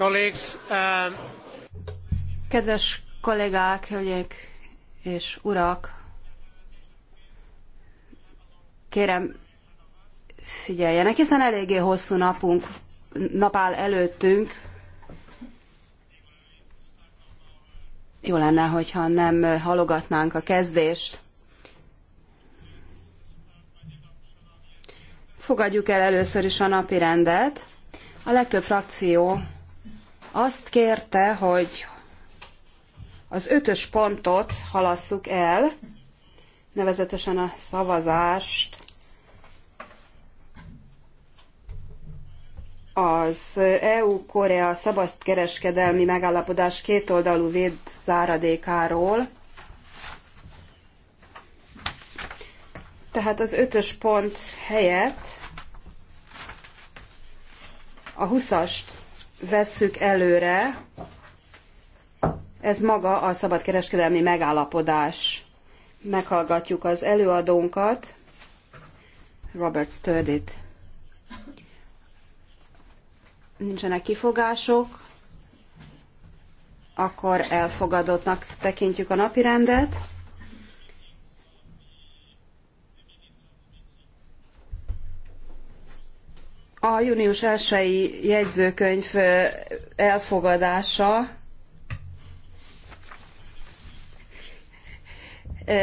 Um, Kedves kollégák, hölgyek és urak! Kérem, figyeljenek, hiszen eléggé hosszú napunk, nap áll előttünk. Jó lenne, hogyha nem halogatnánk a kezdést. Fogadjuk el először is a napirendet. A legtöbb frakció azt kérte, hogy az ötös pontot halasszuk el, nevezetesen a szavazást az EU-Korea szabadkereskedelmi megállapodás kétoldalú védzáradékáról. Tehát az ötös pont helyett a huszast vesszük előre, ez maga a szabadkereskedelmi megállapodás. Meghallgatjuk az előadónkat, Robert Sturdit. Nincsenek kifogások, akkor elfogadottnak tekintjük a napirendet. A június 1-i jegyzőkönyv elfogadása,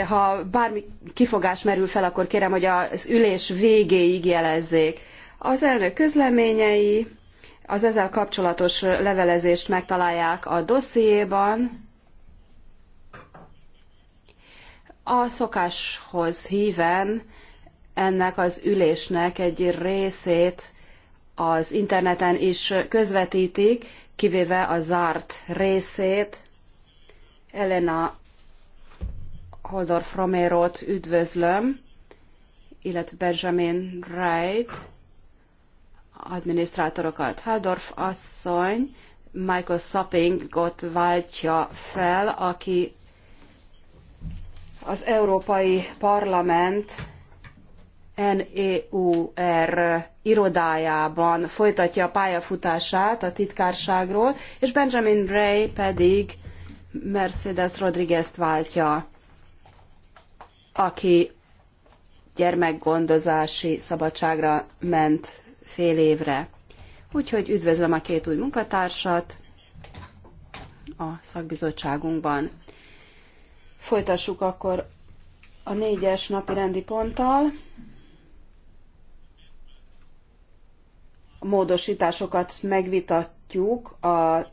ha bármi kifogás merül fel, akkor kérem, hogy az ülés végéig jelezzék. Az elnök közleményei, az ezzel kapcsolatos levelezést megtalálják a dossziéban. A szokáshoz híven ennek az ülésnek egy részét az interneten is közvetítik, kivéve a zárt részét. Elena Holdorf Romerót üdvözlöm, illetve Benjamin Wright adminisztrátorokat. Hodorf asszony Michael Sappingot váltja fel, aki az Európai Parlament NEUR irodájában folytatja a pályafutását a titkárságról, és Benjamin Ray pedig Mercedes Rodriguez-t váltja, aki gyermekgondozási szabadságra ment fél évre. Úgyhogy üdvözlöm a két új munkatársat a szakbizottságunkban. Folytassuk akkor a négyes napi rendi ponttal. módosításokat megvitatjuk az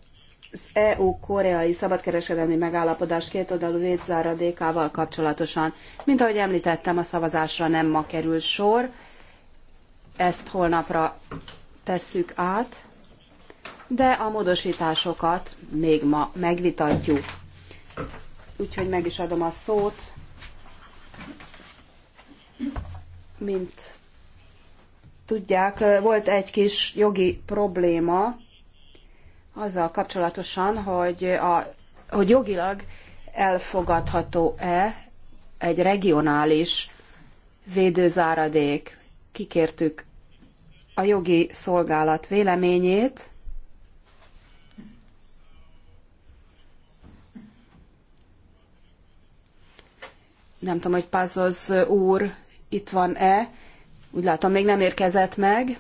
EU-koreai szabadkereskedelmi megállapodás kétoldalú védzáradékával kapcsolatosan. Mint ahogy említettem, a szavazásra nem ma kerül sor, ezt holnapra tesszük át, de a módosításokat még ma megvitatjuk. Úgyhogy meg is adom a szót, mint tudják, volt egy kis jogi probléma azzal kapcsolatosan, hogy, a, hogy jogilag elfogadható-e egy regionális védőzáradék. Kikértük a jogi szolgálat véleményét, nem tudom, hogy Pazoz úr itt van-e, úgy látom, még nem érkezett meg.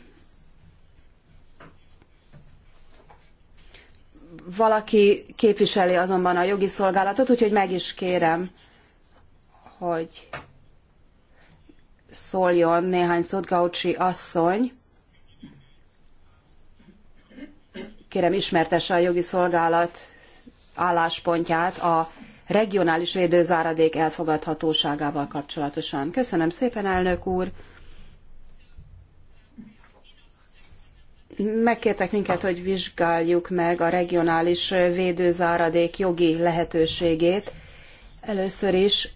Valaki képviseli azonban a jogi szolgálatot, úgyhogy meg is kérem, hogy szóljon néhány szót Gaucsi asszony. Kérem, ismertesse a jogi szolgálat álláspontját a regionális védőzáradék elfogadhatóságával kapcsolatosan. Köszönöm szépen, elnök úr! megkértek minket, hogy vizsgáljuk meg a regionális védőzáradék jogi lehetőségét. Először is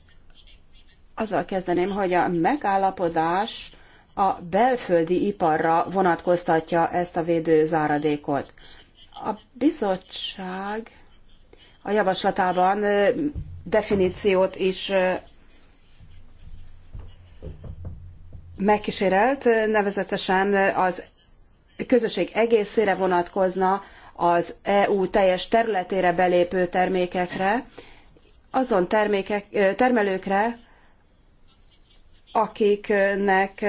azzal kezdeném, hogy a megállapodás a belföldi iparra vonatkoztatja ezt a védőzáradékot. A bizottság a javaslatában definíciót is megkísérelt, nevezetesen az közösség egészére vonatkozna az EU teljes területére belépő termékekre, azon termékek, termelőkre, akiknek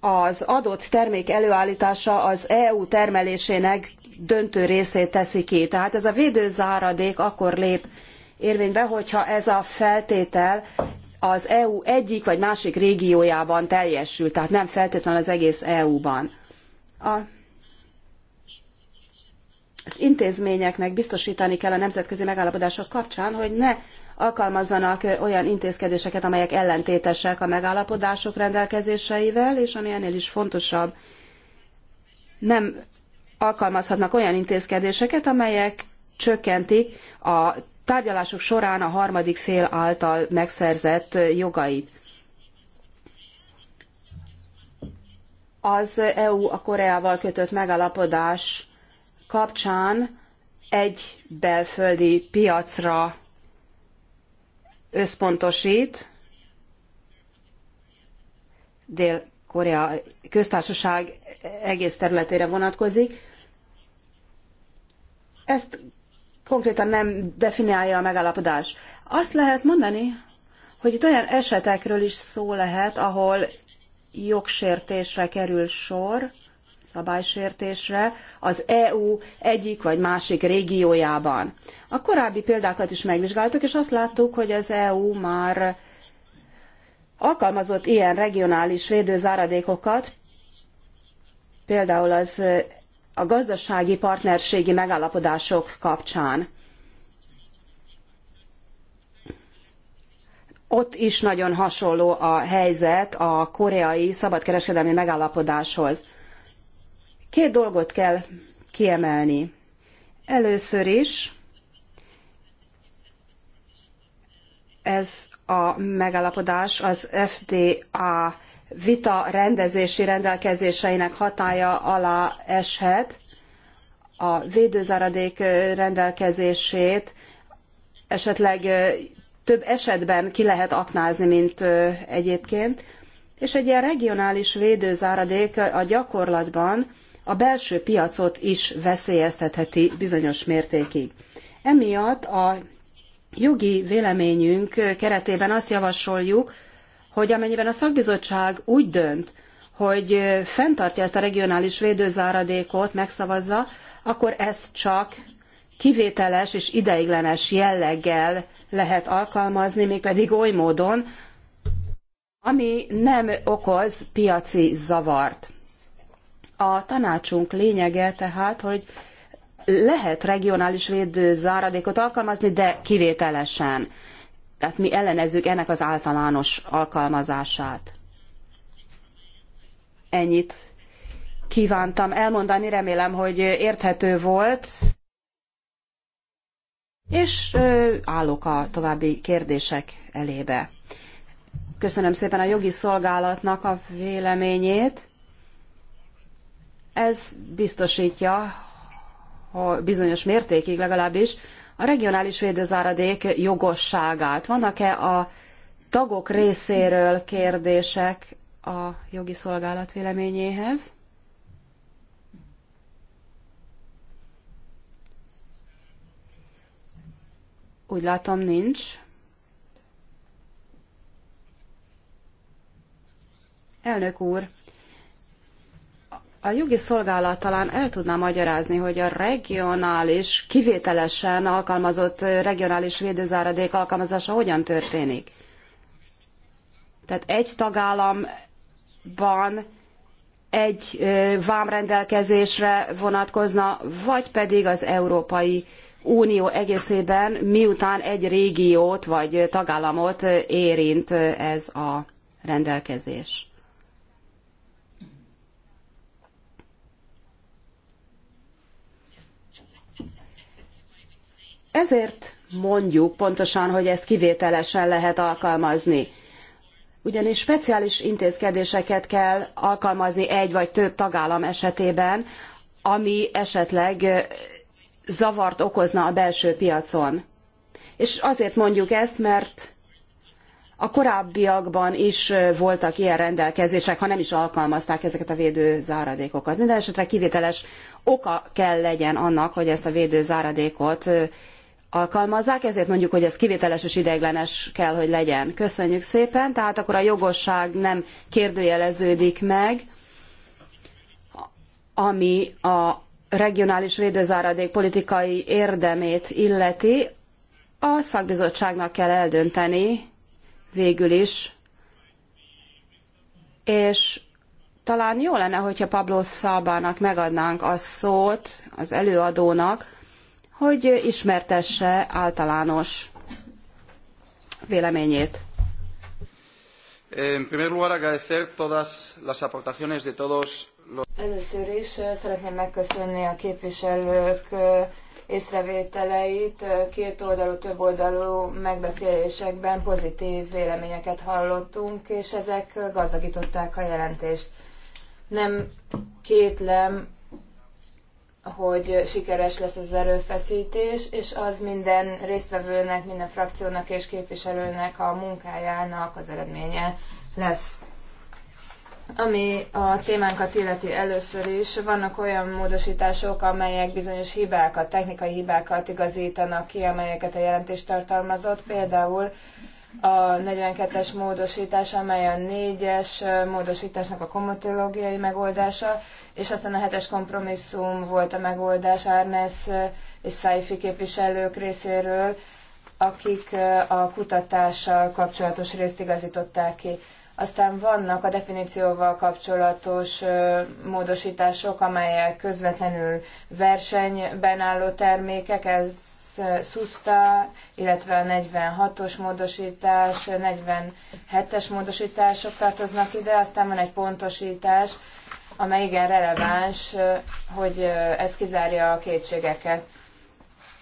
az adott termék előállítása az EU termelésének döntő részét teszi ki. Tehát ez a védőzáradék akkor lép érvénybe, hogyha ez a feltétel az EU egyik vagy másik régiójában teljesül, tehát nem feltétlenül az egész EU-ban. A az intézményeknek biztosítani kell a nemzetközi megállapodások kapcsán, hogy ne alkalmazzanak olyan intézkedéseket, amelyek ellentétesek a megállapodások rendelkezéseivel, és ami ennél is fontosabb, nem alkalmazhatnak olyan intézkedéseket, amelyek csökkentik a tárgyalások során a harmadik fél által megszerzett jogait. Az EU a Koreával kötött megalapodás kapcsán egy belföldi piacra összpontosít, Dél-Korea köztársaság egész területére vonatkozik. Ezt konkrétan nem definiálja a megállapodás. Azt lehet mondani, hogy itt olyan esetekről is szó lehet, ahol jogsértésre kerül sor, szabálysértésre az EU egyik vagy másik régiójában. A korábbi példákat is megvizsgáltuk, és azt láttuk, hogy az EU már alkalmazott ilyen regionális védőzáradékokat, például az a gazdasági partnerségi megállapodások kapcsán. Ott is nagyon hasonló a helyzet a koreai szabadkereskedelmi megállapodáshoz. Két dolgot kell kiemelni. Először is ez a megállapodás az FDA vita rendezési rendelkezéseinek hatája alá eshet a védőzáradék rendelkezését, esetleg több esetben ki lehet aknázni, mint egyébként, és egy ilyen regionális védőzáradék a gyakorlatban a belső piacot is veszélyeztetheti bizonyos mértékig. Emiatt a jogi véleményünk keretében azt javasoljuk, hogy amennyiben a szakbizottság úgy dönt, hogy fenntartja ezt a regionális védőzáradékot, megszavazza, akkor ezt csak kivételes és ideiglenes jelleggel lehet alkalmazni, mégpedig oly módon, ami nem okoz piaci zavart. A tanácsunk lényege tehát, hogy lehet regionális védőzáradékot alkalmazni, de kivételesen tehát mi ellenezzük ennek az általános alkalmazását. Ennyit kívántam elmondani, remélem, hogy érthető volt, és állok a további kérdések elébe. Köszönöm szépen a jogi szolgálatnak a véleményét. Ez biztosítja, hogy bizonyos mértékig legalábbis, a regionális védőzáradék jogosságát. Vannak-e a tagok részéről kérdések a jogi szolgálat véleményéhez? Úgy látom, nincs. Elnök úr, a jogi szolgálat talán el tudná magyarázni, hogy a regionális, kivételesen alkalmazott regionális védőzáradék alkalmazása hogyan történik. Tehát egy tagállamban egy vámrendelkezésre vonatkozna, vagy pedig az Európai Unió egészében, miután egy régiót vagy tagállamot érint ez a rendelkezés. Ezért mondjuk pontosan, hogy ezt kivételesen lehet alkalmazni. Ugyanis speciális intézkedéseket kell alkalmazni egy vagy több tagállam esetében, ami esetleg zavart okozna a belső piacon. És azért mondjuk ezt, mert a korábbiakban is voltak ilyen rendelkezések, ha nem is alkalmazták ezeket a védőzáradékokat. Mindenesetre kivételes oka kell legyen annak, hogy ezt a védőzáradékot alkalmazzák, ezért mondjuk, hogy ez kivételes és ideiglenes kell, hogy legyen. Köszönjük szépen, tehát akkor a jogosság nem kérdőjeleződik meg, ami a regionális védőzáradék politikai érdemét illeti, a szakbizottságnak kell eldönteni végül is, és talán jó lenne, hogyha Pablo Szabának megadnánk a szót az előadónak, hogy ismertesse általános véleményét. En primer lugar, agradecer todas las aportaciones de todos los... Először is eh, szeretném megköszönni a képviselők eh, észrevételeit. Eh, két oldalú, több oldalú megbeszélésekben pozitív véleményeket hallottunk, és ezek gazdagították a jelentést. Nem kétlem hogy sikeres lesz az erőfeszítés, és az minden résztvevőnek, minden frakciónak és képviselőnek a munkájának az eredménye lesz. Ami a témánkat illeti először is, vannak olyan módosítások, amelyek bizonyos hibákat, technikai hibákat igazítanak ki, amelyeket a jelentés tartalmazott. Például a 42-es módosítás, amely a 4-es módosításnak a komatológiai megoldása, és aztán a 7-es kompromisszum volt a megoldás Árnes és Szájfi képviselők részéről, akik a kutatással kapcsolatos részt igazították ki. Aztán vannak a definícióval kapcsolatos módosítások, amelyek közvetlenül versenyben álló termékek, ez Szuszta, illetve a 46-os módosítás, 47-es módosítások tartoznak ide, aztán van egy pontosítás, amely igen releváns, hogy ez kizárja a kétségeket.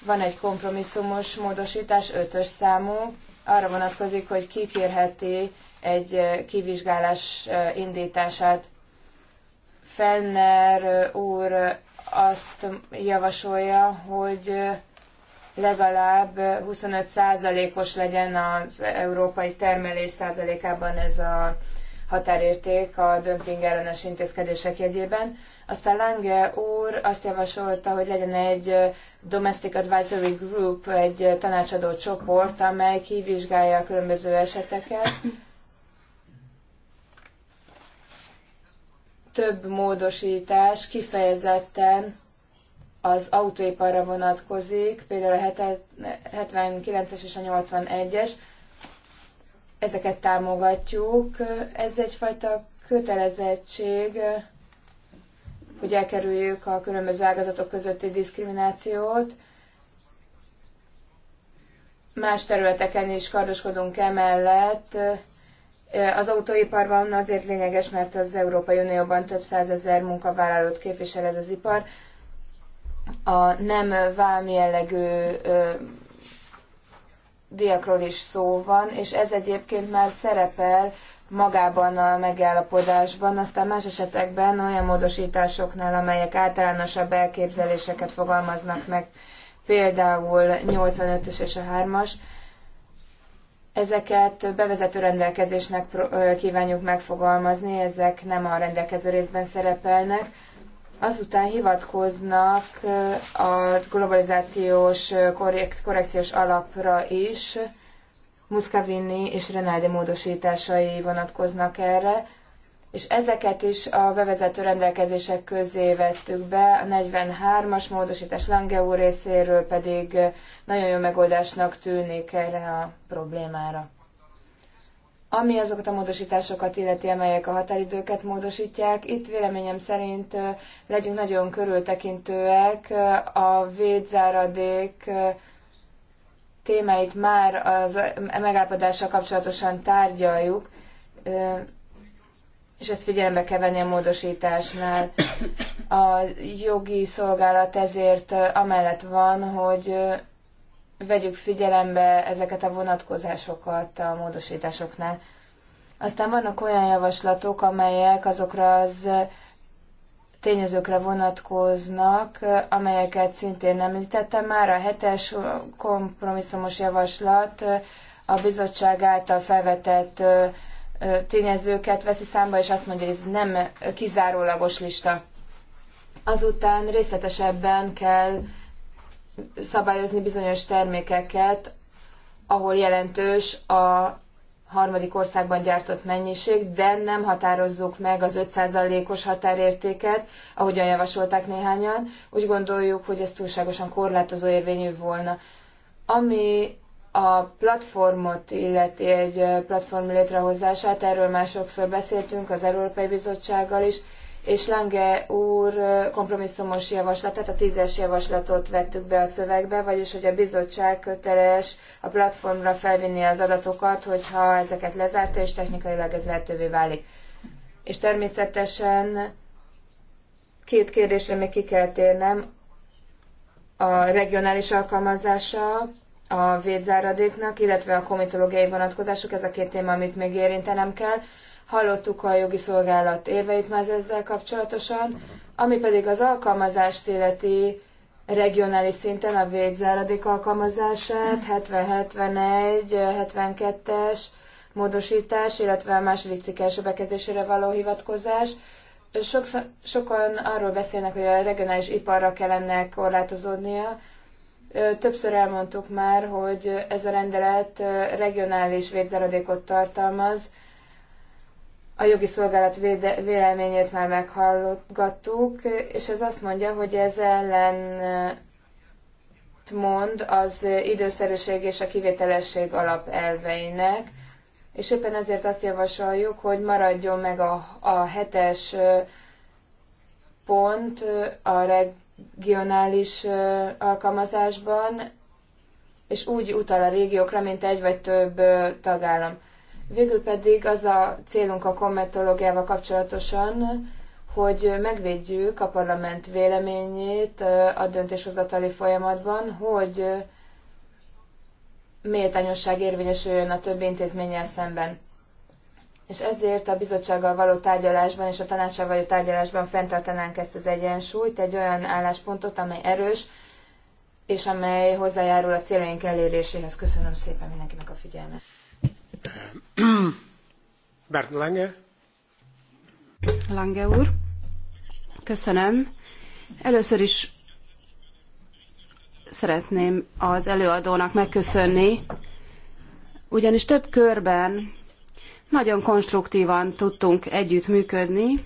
Van egy kompromisszumos módosítás, 5-ös számú, arra vonatkozik, hogy kikérheti egy kivizsgálás indítását. Fellner úr azt javasolja, hogy legalább 25%-os legyen az európai termelés százalékában ez a határérték a dömping ellenes intézkedések jegyében. Aztán Lange úr azt javasolta, hogy legyen egy Domestic Advisory Group, egy tanácsadó csoport, amely kivizsgálja a különböző eseteket. Több módosítás kifejezetten az autóiparra vonatkozik, például a 79-es és a 81-es, ezeket támogatjuk. Ez egyfajta kötelezettség, hogy elkerüljük a különböző ágazatok közötti diszkriminációt. Más területeken is kardoskodunk emellett. Az autóiparban azért lényeges, mert az Európai Unióban több százezer munkavállalót képvisel ez az ipar a nem vámjellegű diakról is szó van, és ez egyébként már szerepel magában a megállapodásban, aztán más esetekben olyan módosításoknál, amelyek általánosabb elképzeléseket fogalmaznak meg, például 85-ös és a 3-as, ezeket bevezető rendelkezésnek kívánjuk megfogalmazni, ezek nem a rendelkező részben szerepelnek, azután hivatkoznak a globalizációs korrekt, korrekciós alapra is, Muscavini és Renaldi módosításai vonatkoznak erre, és ezeket is a bevezető rendelkezések közé vettük be, a 43-as módosítás Lange úr részéről pedig nagyon jó megoldásnak tűnik erre a problémára. Ami azokat a módosításokat illeti, amelyek a határidőket módosítják, itt véleményem szerint legyünk nagyon körültekintőek. A védzáradék témáit már az megállapodással kapcsolatosan tárgyaljuk, és ezt figyelembe kell venni a módosításnál. A jogi szolgálat ezért amellett van, hogy vegyük figyelembe ezeket a vonatkozásokat a módosításoknál. Aztán vannak olyan javaslatok, amelyek azokra az tényezőkre vonatkoznak, amelyeket szintén nem említettem már. A hetes kompromisszumos javaslat a bizottság által felvetett tényezőket veszi számba, és azt mondja, hogy ez nem kizárólagos lista. Azután részletesebben kell szabályozni bizonyos termékeket, ahol jelentős a harmadik országban gyártott mennyiség, de nem határozzuk meg az 5%-os határértéket, ahogyan javasolták néhányan. Úgy gondoljuk, hogy ez túlságosan korlátozó érvényű volna. Ami a platformot illeti egy platform létrehozását, erről már sokszor beszéltünk az Európai Bizottsággal is, és Lange úr kompromisszumos javaslatát, a tízes javaslatot vettük be a szövegbe, vagyis hogy a bizottság köteles a platformra felvinni az adatokat, hogyha ezeket lezárta, és technikailag ez lehetővé válik. És természetesen két kérdésre még ki kell térnem. A regionális alkalmazása a védzáradéknak, illetve a komitológiai vonatkozásuk, ez a két téma, amit még érintenem kell. Hallottuk a jogi szolgálat érveit már ezzel kapcsolatosan, ami pedig az alkalmazást illeti regionális szinten a végzáradék alkalmazását, 70-71, 72-es módosítás, illetve a második cikk első bekezdésére való hivatkozás. Sok, sokan arról beszélnek, hogy a regionális iparra kellene korlátozódnia, Többször elmondtuk már, hogy ez a rendelet regionális végzáradékot tartalmaz, a jogi szolgálat véde, véleményét már meghallgattuk, és ez azt mondja, hogy ez ellen mond az időszerűség és a kivételesség alapelveinek, és éppen ezért azt javasoljuk, hogy maradjon meg a, a hetes pont a regionális alkalmazásban, és úgy utal a régiókra, mint egy vagy több tagállam. Végül pedig az a célunk a kommentológiával kapcsolatosan, hogy megvédjük a parlament véleményét a döntéshozatali folyamatban, hogy méltányosság érvényesüljön a többi intézménnyel szemben. És ezért a bizottsággal való tárgyalásban és a tanácsával való tárgyalásban fenntartanánk ezt az egyensúlyt, egy olyan álláspontot, amely erős, és amely hozzájárul a céljaink eléréséhez. Köszönöm szépen mindenkinek a figyelmet. Lange úr. Köszönöm. Először is szeretném az előadónak megköszönni, ugyanis több körben nagyon konstruktívan tudtunk együttműködni.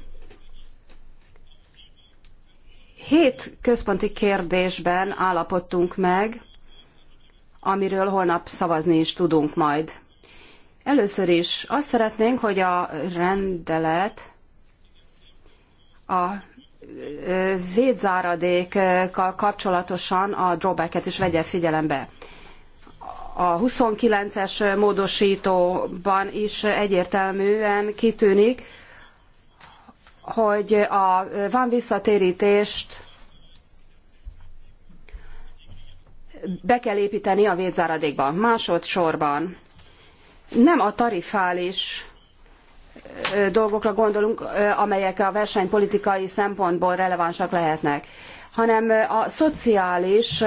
Hét központi kérdésben állapodtunk meg, amiről holnap szavazni is tudunk majd. Először is azt szeretnénk, hogy a rendelet a védzáradékkal kapcsolatosan a drawbacket is vegye figyelembe. A 29-es módosítóban is egyértelműen kitűnik, hogy a van visszatérítést be kell építeni a védzáradékba. Másodszorban nem a tarifális dolgokra gondolunk, amelyek a versenypolitikai szempontból relevánsak lehetnek, hanem a szociális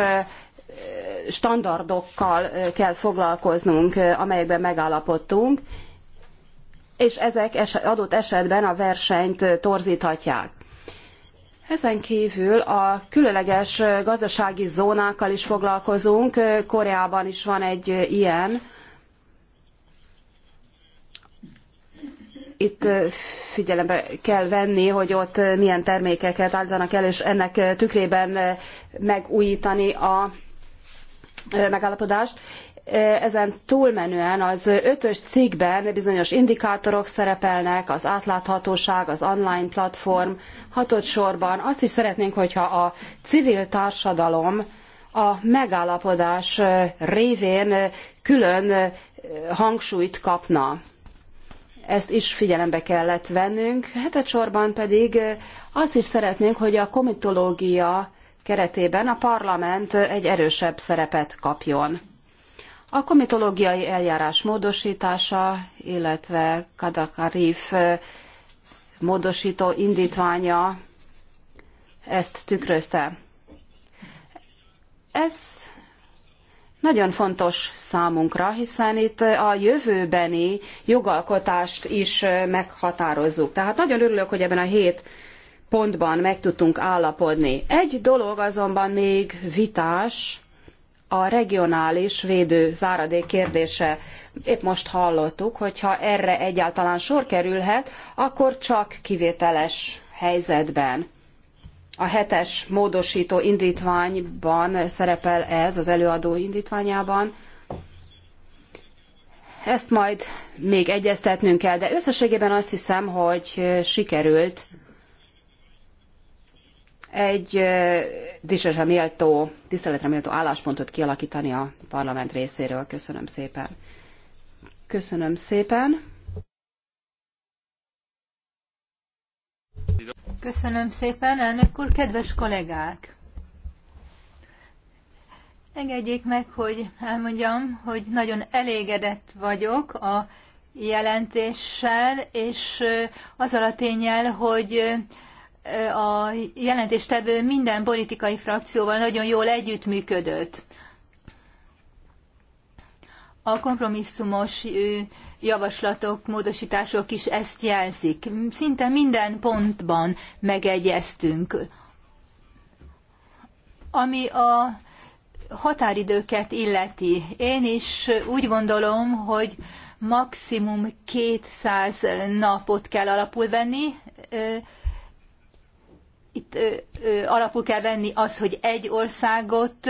standardokkal kell foglalkoznunk, amelyekben megállapodtunk, és ezek adott esetben a versenyt torzíthatják. Ezen kívül a különleges gazdasági zónákkal is foglalkozunk, Koreában is van egy ilyen, itt figyelembe kell venni, hogy ott milyen termékeket állítanak el, és ennek tükrében megújítani a megállapodást. Ezen túlmenően az ötös cikkben bizonyos indikátorok szerepelnek, az átláthatóság, az online platform, hatott sorban. Azt is szeretnénk, hogyha a civil társadalom a megállapodás révén külön hangsúlyt kapna ezt is figyelembe kellett vennünk. Hetedsorban pedig eh, azt is szeretnénk, hogy a komitológia keretében a parlament eh, egy erősebb szerepet kapjon. A komitológiai eljárás módosítása, illetve Kadakarif eh, módosító indítványa ezt tükrözte. Ez nagyon fontos számunkra, hiszen itt a jövőbeni jogalkotást is meghatározzuk. Tehát nagyon örülök, hogy ebben a hét pontban meg tudtunk állapodni. Egy dolog azonban még vitás, a regionális védő záradék kérdése. Épp most hallottuk, hogy ha erre egyáltalán sor kerülhet, akkor csak kivételes helyzetben. A hetes módosító indítványban szerepel ez, az előadó indítványában. Ezt majd még egyeztetnünk kell, de összességében azt hiszem, hogy sikerült egy tiszteletre méltó, tiszteletre méltó álláspontot kialakítani a parlament részéről. Köszönöm szépen. Köszönöm szépen. Köszönöm szépen, elnök úr, kedves kollégák! Engedjék meg, hogy elmondjam, hogy nagyon elégedett vagyok a jelentéssel, és azzal a tényel, hogy a jelentéstevő minden politikai frakcióval nagyon jól együttműködött. A kompromisszumos javaslatok, módosítások is ezt jelzik. Szinte minden pontban megegyeztünk. Ami a határidőket illeti, én is úgy gondolom, hogy maximum 200 napot kell alapul venni. Itt alapul kell venni az, hogy egy országot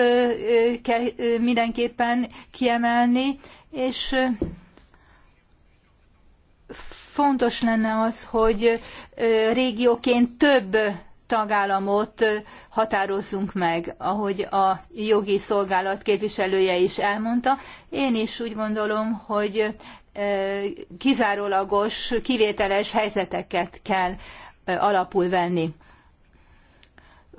kell mindenképpen kiemelni, és fontos lenne az, hogy régióként több tagállamot határozzunk meg, ahogy a jogi szolgálat képviselője is elmondta. Én is úgy gondolom, hogy kizárólagos, kivételes helyzeteket kell alapul venni.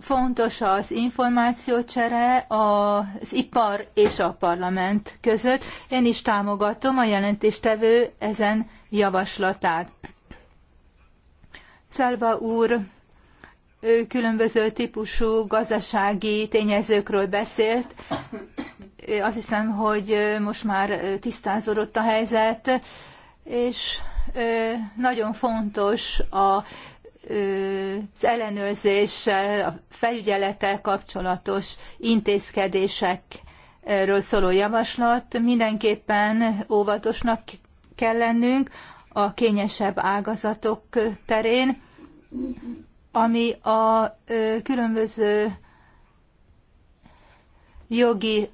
Fontos az információcsere az ipar és a parlament között. Én is támogatom a jelentéstevő ezen javaslatát. Szálva úr különböző típusú gazdasági tényezőkről beszélt. Azt hiszem, hogy most már tisztázódott a helyzet, és nagyon fontos a az ellenőrzéssel, a felügyelettel kapcsolatos intézkedésekről szóló javaslat. Mindenképpen óvatosnak kell lennünk a kényesebb ágazatok terén, ami a különböző jogi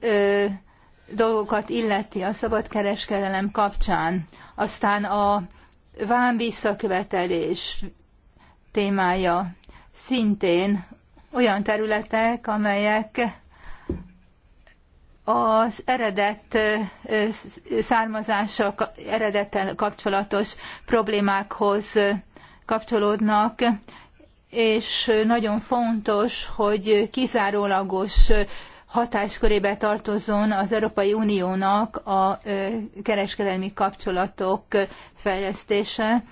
dolgokat illeti a szabadkereskedelem kapcsán. Aztán a vám visszakövetelés témája szintén olyan területek, amelyek az eredet származása, eredettel kapcsolatos problémákhoz kapcsolódnak, és nagyon fontos, hogy kizárólagos hatáskörébe tartozzon az Európai Uniónak a kereskedelmi kapcsolatok fejlesztése.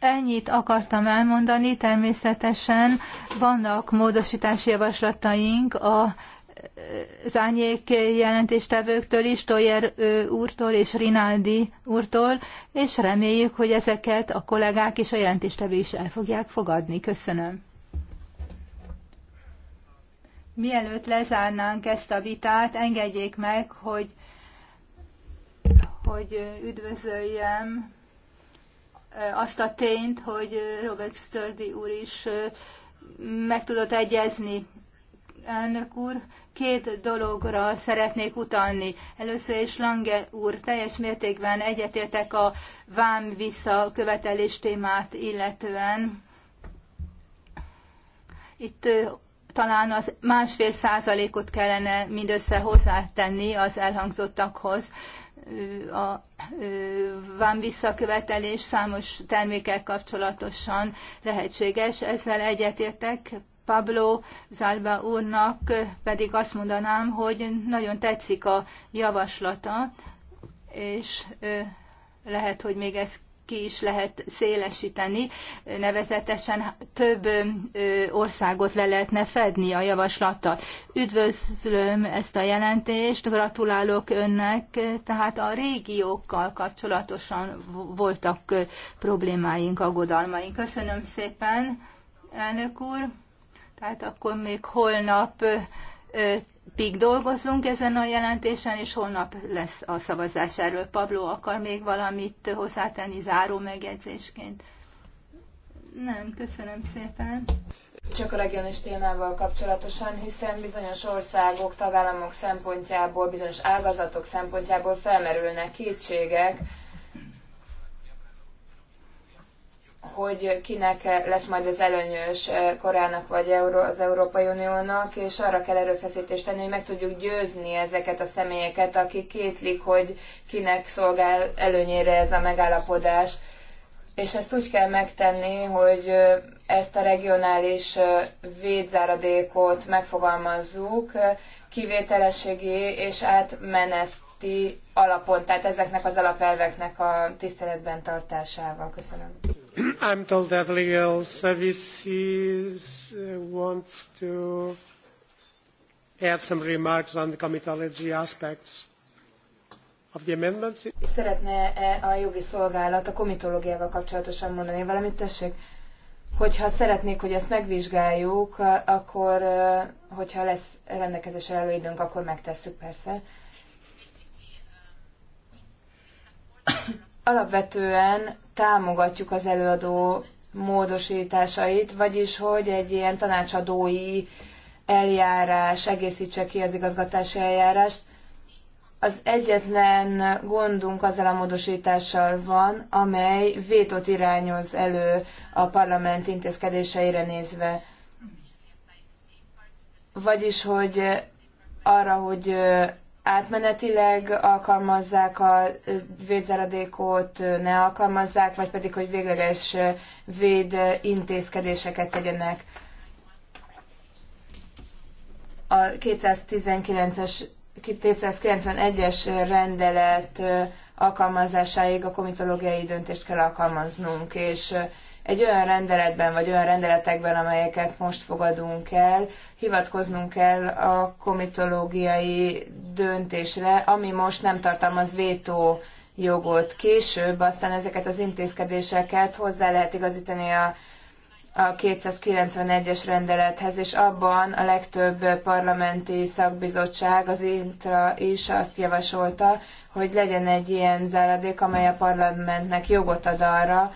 Ennyit akartam elmondani, természetesen vannak módosítási javaslataink a az árnyék jelentéstevőktől is, Toyer úrtól és Rinaldi úrtól, és reméljük, hogy ezeket a kollégák és a jelentéstevő is el fogják fogadni. Köszönöm. Mielőtt lezárnánk ezt a vitát, engedjék meg, hogy, hogy üdvözöljem azt a tényt, hogy Robert Sturdy úr is meg tudott egyezni. Elnök úr, két dologra szeretnék utalni. Először is Lange úr, teljes mértékben egyetértek a vám vissza követelés témát illetően. Itt talán az másfél százalékot kellene mindössze hozzátenni az elhangzottakhoz a van visszakövetelés számos termékek kapcsolatosan lehetséges. Ezzel egyetértek Pablo Zalba úrnak, pedig azt mondanám, hogy nagyon tetszik a javaslata, és lehet, hogy még ezt ki is lehet szélesíteni, nevezetesen több országot le lehetne fedni a javaslattal. Üdvözlöm ezt a jelentést, gratulálok önnek, tehát a régiókkal kapcsolatosan voltak problémáink, aggodalmaink. Köszönöm szépen, elnök úr. Tehát akkor még holnap napig dolgozunk ezen a jelentésen, és holnap lesz a szavazás erről. Pablo akar még valamit hozzátenni záró megjegyzésként? Nem, köszönöm szépen. Csak a regionális témával kapcsolatosan, hiszen bizonyos országok, tagállamok szempontjából, bizonyos ágazatok szempontjából felmerülnek kétségek, hogy kinek lesz majd az előnyös eh, Koreának vagy az Európai Uniónak, és arra kell erőfeszítést tenni, hogy meg tudjuk győzni ezeket a személyeket, akik kétlik, hogy kinek szolgál előnyére ez a megállapodás. És ezt úgy kell megtenni, hogy eh, ezt a regionális eh, védzáradékot megfogalmazzuk kivételességi és átmenet közötti alapon, tehát ezeknek az alapelveknek a tiszteletben tartásával. Köszönöm. I'm told that legal services uh, wants to add some remarks on the comitology aspects of the amendments. Szeretne -e a jogi szolgálat a komitológiával kapcsolatosan mondani valamit, tessék? Hogyha szeretnék, hogy ezt megvizsgáljuk, akkor uh, hogyha lesz rendelkezésre előidőnk, akkor megtesszük persze. Alapvetően támogatjuk az előadó módosításait, vagyis hogy egy ilyen tanácsadói eljárás egészítse ki az igazgatási eljárást. Az egyetlen gondunk azzal a módosítással van, amely vétót irányoz elő a parlament intézkedéseire nézve. Vagyis, hogy arra, hogy átmenetileg alkalmazzák a védzáradékot, ne alkalmazzák, vagy pedig, hogy végleges véd intézkedéseket tegyenek. A 219-es 291-es rendelet alkalmazásáig a komitológiai döntést kell alkalmaznunk, és egy olyan rendeletben vagy olyan rendeletekben, amelyeket most fogadunk el, hivatkoznunk kell a komitológiai döntésre, ami most nem tartalmaz vétó jogot. Később aztán ezeket az intézkedéseket hozzá lehet igazítani a a 291-es rendelethez, és abban a legtöbb parlamenti szakbizottság, az INTRA is azt javasolta, hogy legyen egy ilyen záradék, amely a parlamentnek jogot ad arra,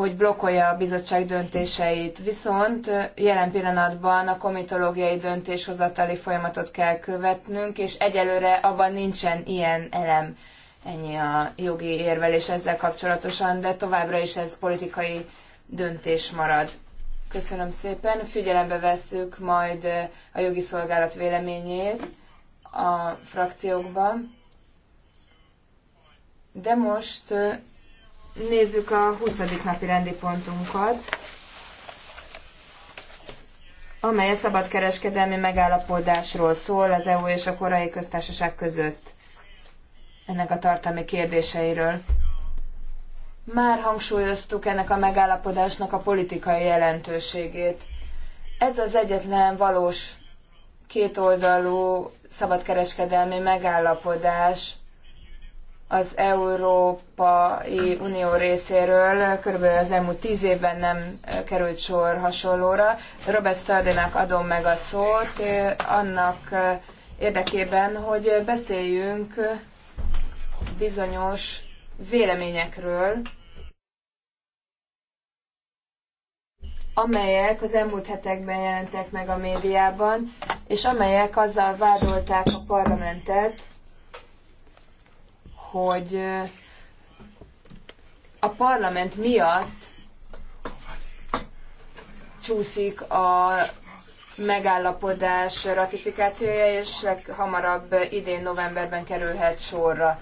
hogy blokkolja a bizottság döntéseit. Viszont jelen pillanatban a komitológiai döntéshozatali folyamatot kell követnünk, és egyelőre abban nincsen ilyen elem. Ennyi a jogi érvelés ezzel kapcsolatosan, de továbbra is ez politikai döntés marad. Köszönöm szépen. Figyelembe vesszük majd a jogi szolgálat véleményét a frakciókban. De most Nézzük a 20. napi rendi pontunkat, amely a szabadkereskedelmi megállapodásról szól az EU és a korai köztársaság között ennek a tartalmi kérdéseiről. Már hangsúlyoztuk ennek a megállapodásnak a politikai jelentőségét. Ez az egyetlen valós kétoldalú szabadkereskedelmi megállapodás, az Európai Unió részéről körülbelül az elmúlt tíz évben nem került sor hasonlóra. Robert Stardinak adom meg a szót annak érdekében, hogy beszéljünk bizonyos véleményekről, amelyek az elmúlt hetekben jelentek meg a médiában, és amelyek azzal vádolták a parlamentet, hogy a parlament miatt csúszik a megállapodás ratifikációja, és leghamarabb idén novemberben kerülhet sorra.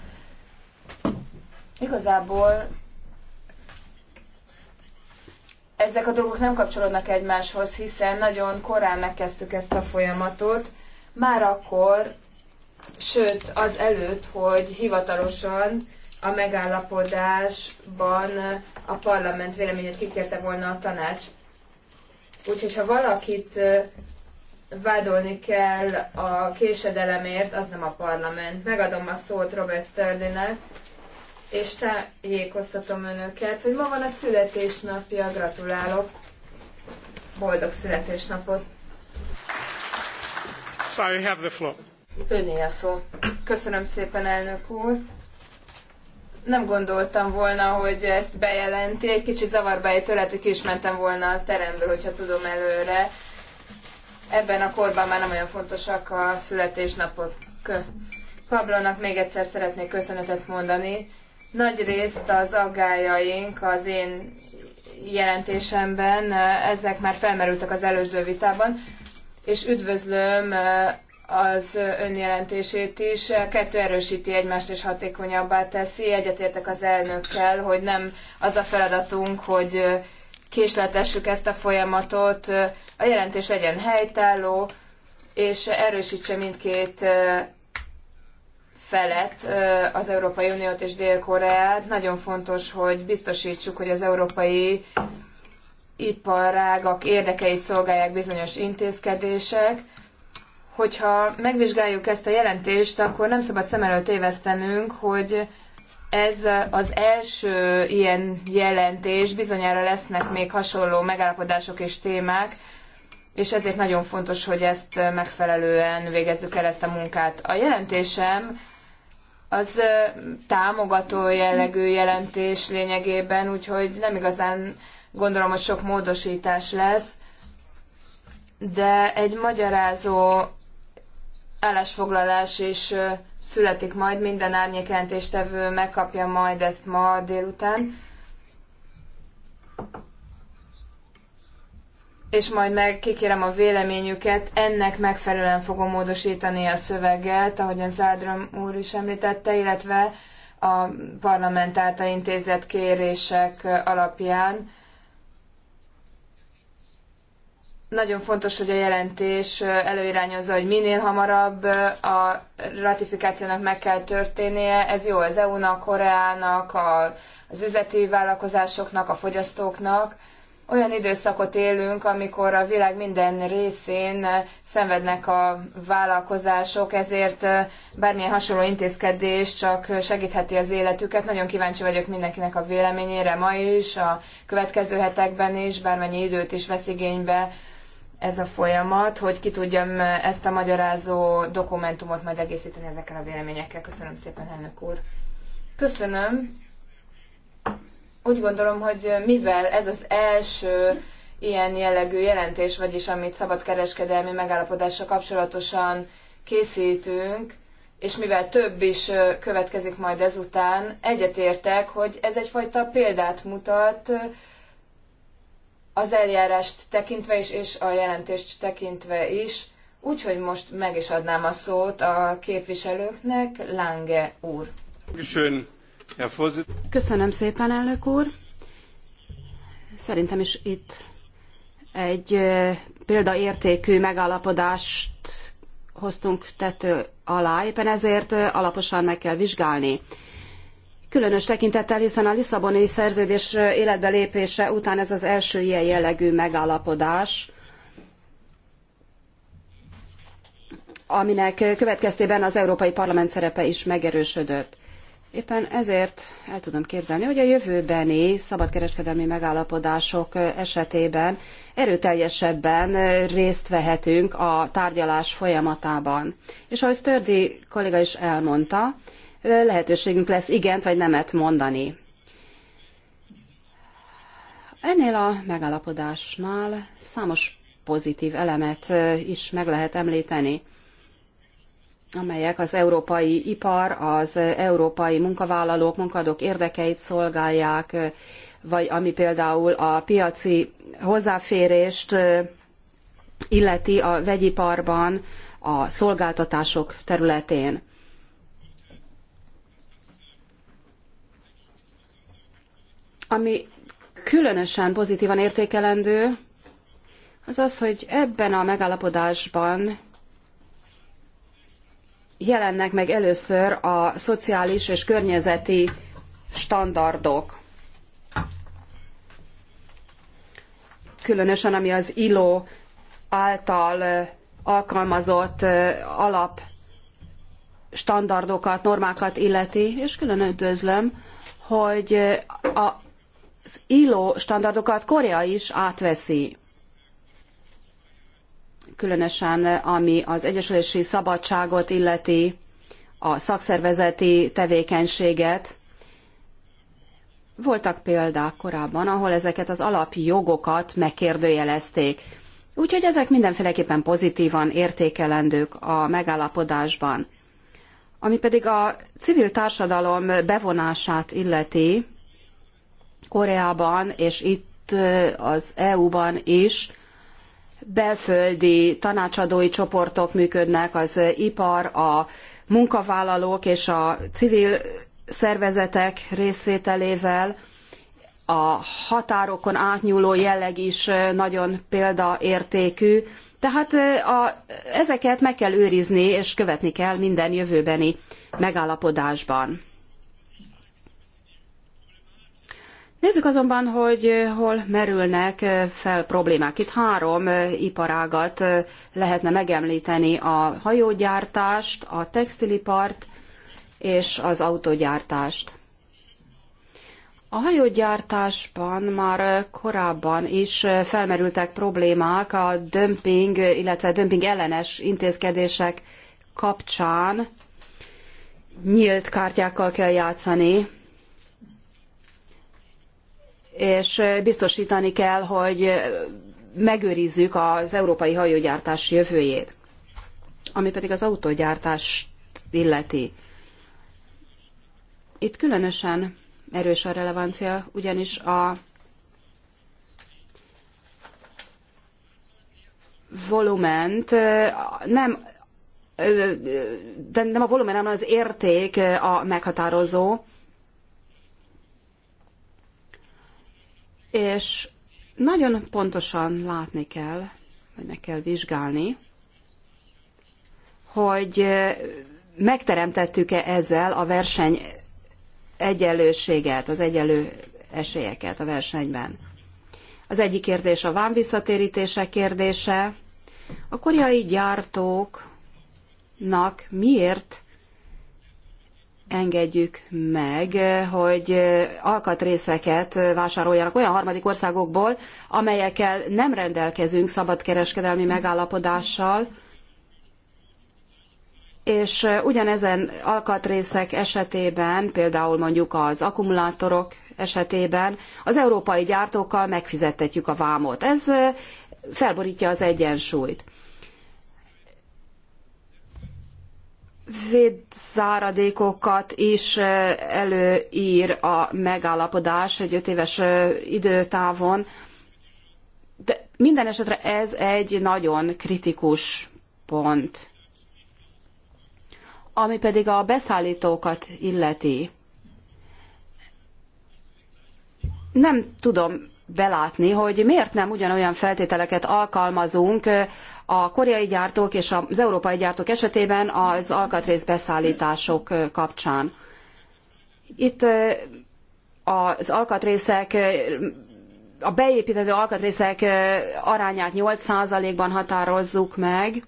Igazából ezek a dolgok nem kapcsolódnak egymáshoz, hiszen nagyon korán megkezdtük ezt a folyamatot, már akkor, sőt az előtt, hogy hivatalosan a megállapodásban a parlament véleményét kikérte volna a tanács. Úgyhogy ha valakit vádolni kell a késedelemért, az nem a parlament. Megadom a szót Robert Sterlinek, és tájékoztatom önöket, hogy ma van a születésnapja, gratulálok. Boldog születésnapot! So you have the floor. Öné a szó. Köszönöm szépen, elnök úr. Nem gondoltam volna, hogy ezt bejelenti. Egy kicsit zavarba ejtő, lehet, hogy ki is mentem volna a teremből, hogyha tudom előre. Ebben a korban már nem olyan fontosak a születésnapok. Pablónak még egyszer szeretnék köszönetet mondani. Nagy részt az aggájaink az én jelentésemben, ezek már felmerültek az előző vitában, és üdvözlöm az önjelentését is. Kettő erősíti egymást és hatékonyabbá teszi. Egyetértek az elnökkel, hogy nem az a feladatunk, hogy késletessük ezt a folyamatot. A jelentés legyen helytálló, és erősítse mindkét felet, az Európai Uniót és Dél-Koreát. Nagyon fontos, hogy biztosítsuk, hogy az európai iparágak érdekeit szolgálják bizonyos intézkedések, hogyha megvizsgáljuk ezt a jelentést, akkor nem szabad szem előtt tévesztenünk, hogy ez az első ilyen jelentés, bizonyára lesznek még hasonló megállapodások és témák, és ezért nagyon fontos, hogy ezt megfelelően végezzük el ezt a munkát. A jelentésem az támogató jellegű jelentés lényegében, úgyhogy nem igazán gondolom, hogy sok módosítás lesz, de egy magyarázó állásfoglalás is születik majd, minden árnyékentéstevő, megkapja majd ezt ma délután. És majd meg kikérem a véleményüket, ennek megfelelően fogom módosítani a szöveget, ahogyan Zádrom úr is említette, illetve a parlament által intézett kérések alapján nagyon fontos, hogy a jelentés előirányozza, hogy minél hamarabb a ratifikációnak meg kell történnie. Ez jó az EU-nak, Koreának, az üzleti vállalkozásoknak, a fogyasztóknak olyan időszakot élünk, amikor a világ minden részén szenvednek a vállalkozások, ezért bármilyen hasonló intézkedés csak segítheti az életüket. Nagyon kíváncsi vagyok mindenkinek a véleményére ma is, a következő hetekben is, bármennyi időt is vesz igénybe ez a folyamat, hogy ki tudjam ezt a magyarázó dokumentumot majd egészíteni ezekkel a véleményekkel. Köszönöm szépen, elnök úr. Köszönöm. Úgy gondolom, hogy mivel ez az első ilyen jellegű jelentés, vagyis amit szabadkereskedelmi megállapodásra kapcsolatosan készítünk, és mivel több is következik majd ezután, egyetértek, hogy ez egyfajta példát mutat az eljárást tekintve is, és a jelentést tekintve is. Úgyhogy most meg is adnám a szót a képviselőknek, Lange úr. Köszönöm szépen, elnök úr. Szerintem is itt egy példaértékű megállapodást hoztunk tető alá, éppen ezért alaposan meg kell vizsgálni. Különös tekintettel, hiszen a Lisszaboni szerződés életbe lépése után ez az első ilyen jellegű megállapodás, aminek következtében az Európai Parlament szerepe is megerősödött. Éppen ezért el tudom képzelni, hogy a jövőbeni szabadkereskedelmi megállapodások esetében erőteljesebben részt vehetünk a tárgyalás folyamatában. És ahogy Stördi kolléga is elmondta, lehetőségünk lesz igent vagy nemet mondani. Ennél a megállapodásnál számos pozitív elemet is meg lehet említeni, amelyek az európai ipar, az európai munkavállalók, munkadók érdekeit szolgálják, vagy ami például a piaci hozzáférést illeti a vegyiparban, a szolgáltatások területén. Ami különösen pozitívan értékelendő, az az, hogy ebben a megállapodásban jelennek meg először a szociális és környezeti standardok. Különösen ami az ILO által alkalmazott alap standardokat, normákat illeti, és külön üdvözlöm, hogy a az ILO standardokat Korea is átveszi. Különösen ami az egyesülési szabadságot illeti, a szakszervezeti tevékenységet. Voltak példák korábban, ahol ezeket az alapjogokat megkérdőjelezték. Úgyhogy ezek mindenféleképpen pozitívan értékelendők a megállapodásban. Ami pedig a civil társadalom bevonását illeti, Koreában és itt az EU-ban is belföldi tanácsadói csoportok működnek, az ipar, a munkavállalók és a civil szervezetek részvételével a határokon átnyúló jelleg is nagyon példaértékű, tehát a, ezeket meg kell őrizni, és követni kell minden jövőbeni megállapodásban. Nézzük azonban, hogy eh, hol merülnek eh, fel problémák. Itt három eh, iparágat lehetne megemlíteni, a hajógyártást, a textilipart és az autogyártást. A hajógyártásban már korábban is felmerültek problémák a dömping, illetve dömping ellenes intézkedések kapcsán. Nyílt kártyákkal kell játszani, és biztosítani kell, hogy megőrizzük az európai hajógyártás jövőjét. Ami pedig az autógyártást illeti. Itt különösen erős a relevancia, ugyanis a volument nem de nem a volumen, hanem az érték a meghatározó, és nagyon pontosan látni kell, vagy meg kell vizsgálni, hogy megteremtettük-e ezzel a verseny egyenlőséget, az egyenlő esélyeket a versenyben. Az egyik kérdés a visszatérítése kérdése. A koreai gyártóknak miért engedjük meg, hogy alkatrészeket vásároljanak olyan harmadik országokból, amelyekkel nem rendelkezünk szabadkereskedelmi megállapodással, és ugyanezen alkatrészek esetében, például mondjuk az akkumulátorok esetében az európai gyártókkal megfizettetjük a vámot. Ez felborítja az egyensúlyt. védzáradékokat is előír a megállapodás egy öt éves időtávon, de minden esetre ez egy nagyon kritikus pont. Ami pedig a beszállítókat illeti. Nem tudom, belátni, hogy miért nem ugyanolyan feltételeket alkalmazunk a koreai gyártók és az európai gyártók esetében az alkatrész beszállítások kapcsán. Itt az alkatrészek a beépítendő alkatrészek arányát 8%-ban határozzuk meg,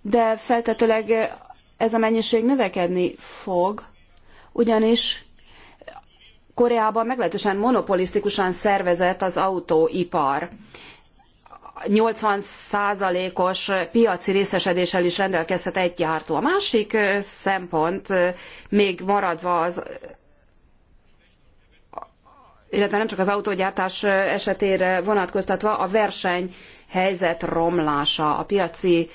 de feltetőleg ez a mennyiség növekedni fog, ugyanis Koreában meglehetősen monopolisztikusan szervezett az autóipar. 80%-os piaci részesedéssel is rendelkezhet egy gyártó. A másik szempont, még maradva az illetve nem csak az autógyártás esetére vonatkoztatva, a versenyhelyzet romlása, a piaci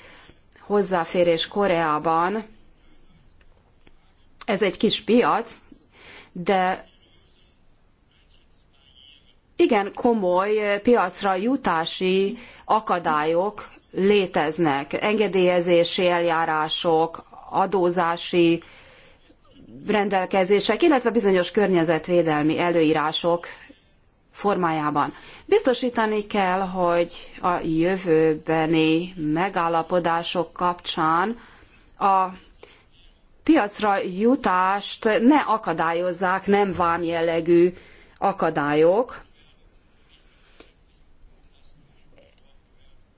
hozzáférés Koreában. Ez egy kis piac, de igen komoly eh, piacra jutási akadályok léteznek. Engedélyezési eljárások, adózási rendelkezések, illetve bizonyos környezetvédelmi előírások formájában. Biztosítani kell, hogy a jövőbeni megállapodások kapcsán a piacra jutást ne akadályozzák nem vámjellegű akadályok,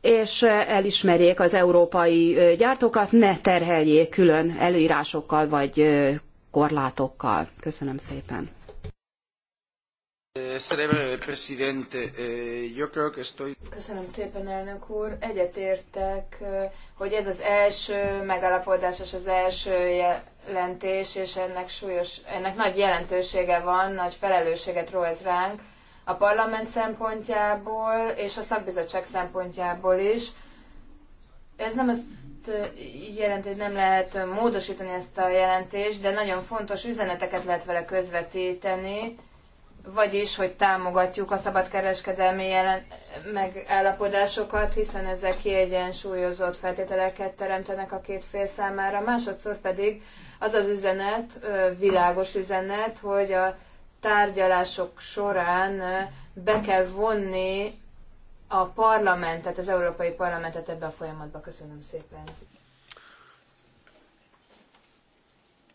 és elismerjék az európai gyártókat, ne terheljék külön előírásokkal vagy korlátokkal. Köszönöm szépen. Eh, eh, eh, Köszönöm szépen, elnök úr. Egyetértek, hogy ez az első megállapodás és az első jelentés, és ennek, súlyos, ennek nagy jelentősége van, nagy felelősséget ró ez ránk a parlament szempontjából és a szakbizottság szempontjából is. Ez nem azt jelenti, hogy nem lehet módosítani ezt a jelentést, de nagyon fontos üzeneteket lehet vele közvetíteni, vagyis, hogy támogatjuk a szabadkereskedelmi jelen megállapodásokat, hiszen ezek kiegyensúlyozott feltételeket teremtenek a két fél számára. Másodszor pedig az az üzenet, világos üzenet, hogy a tárgyalások során be kell vonni a parlamentet, az Európai Parlamentet ebbe a folyamatba. Köszönöm szépen.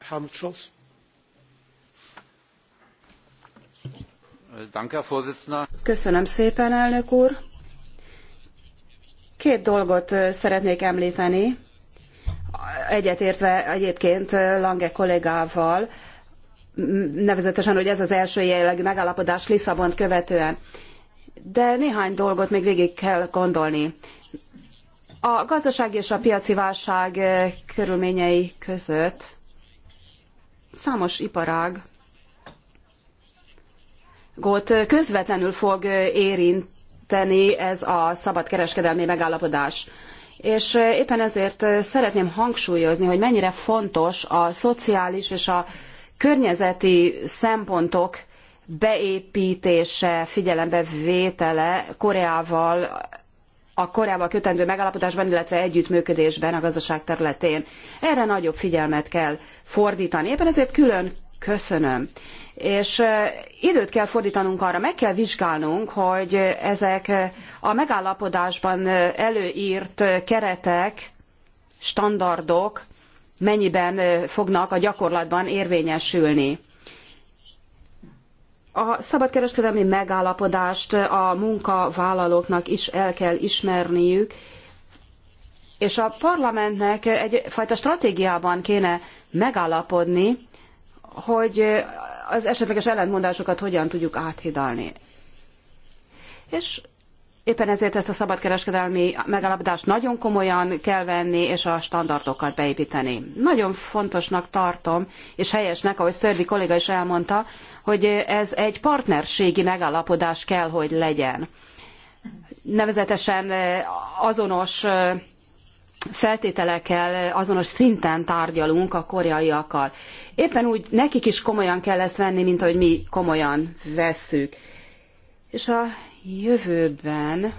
Helmut Scholz. Köszönöm szépen, elnök úr. Két dolgot szeretnék említeni, egyetértve egyébként Lange kollégával nevezetesen, hogy ez az első jellegű megállapodás Lisszabont követően. De néhány dolgot még végig kell gondolni. A gazdasági és a piaci válság eh, körülményei között számos iparág gót eh, közvetlenül fog eh, érinteni ez a szabadkereskedelmi megállapodás. És éppen ezért szeretném hangsúlyozni, hogy mennyire fontos a szociális és a környezeti szempontok beépítése, figyelembe vétele Koreával a Koreával kötendő megállapodásban, illetve együttműködésben a gazdaság területén. Erre nagyobb figyelmet kell fordítani. Éppen ezért külön köszönöm. És időt kell fordítanunk arra, meg kell vizsgálnunk, hogy ezek a megállapodásban előírt keretek, standardok mennyiben fognak a gyakorlatban érvényesülni. A szabadkereskedelmi megállapodást a munkavállalóknak is el kell ismerniük, és a parlamentnek egyfajta stratégiában kéne megállapodni, hogy az esetleges ellentmondásokat hogyan tudjuk áthidalni. És Éppen ezért ezt a szabadkereskedelmi megállapodást nagyon komolyan kell venni, és a standardokat beépíteni. Nagyon fontosnak tartom, és helyesnek, ahogy Szördi kolléga is elmondta, hogy ez egy partnerségi megállapodás kell, hogy legyen. Nevezetesen azonos feltételekkel azonos szinten tárgyalunk a koreaiakkal. Éppen úgy nekik is komolyan kell ezt venni, mint ahogy mi komolyan vesszük. És a jövőben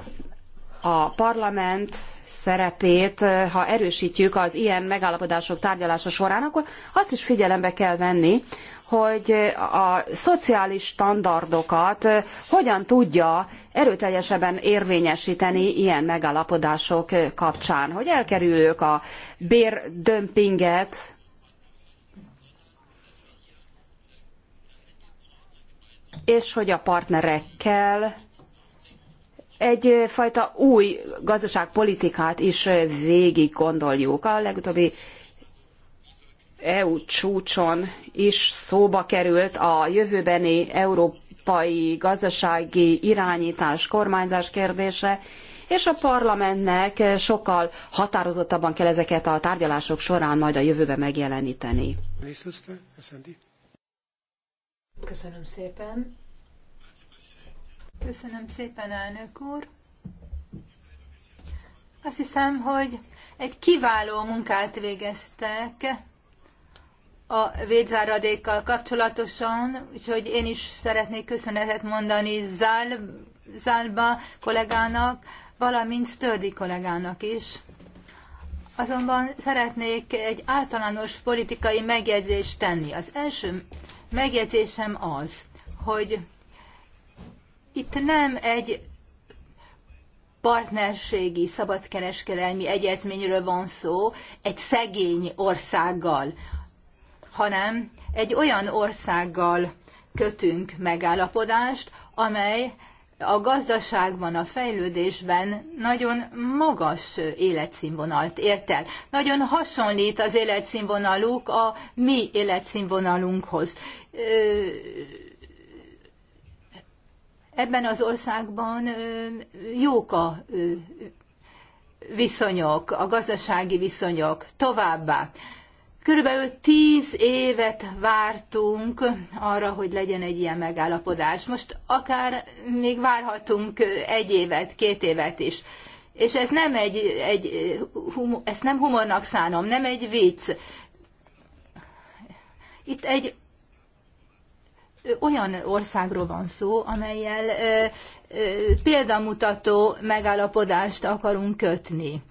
a parlament szerepét, ha erősítjük az ilyen megállapodások tárgyalása során, akkor azt is figyelembe kell venni, hogy a szociális standardokat hogyan tudja erőteljesebben érvényesíteni ilyen megállapodások kapcsán, hogy elkerüljük a bérdömpinget, és hogy a partnerekkel egyfajta új gazdaságpolitikát is végig gondoljuk. A legutóbbi EU csúcson is szóba került a jövőbeni európai gazdasági irányítás, kormányzás kérdése, és a parlamentnek sokkal határozottabban kell ezeket a tárgyalások során majd a jövőben megjeleníteni. Köszönöm szépen. Köszönöm szépen, elnök úr. Azt hiszem, hogy egy kiváló munkát végeztek a védzáradékkal kapcsolatosan, úgyhogy én is szeretnék köszönetet mondani Zál, Zálba kollégának, valamint Stördi kollégának is. Azonban szeretnék egy általános politikai megjegyzést tenni. Az első megjegyzésem az, hogy itt nem egy partnerségi, szabadkereskedelmi egyezményről van szó egy szegény országgal, hanem egy olyan országgal kötünk megállapodást, amely a gazdaságban, a fejlődésben nagyon magas életszínvonalt ért el. Nagyon hasonlít az életszínvonaluk a mi életszínvonalunkhoz ebben az országban jók a viszonyok, a gazdasági viszonyok. Továbbá, körülbelül tíz évet vártunk arra, hogy legyen egy ilyen megállapodás. Most akár még várhatunk egy évet, két évet is. És ez nem egy, egy ezt nem humornak szánom, nem egy vicc. Itt egy olyan országról van szó, amelyel példamutató megállapodást akarunk kötni.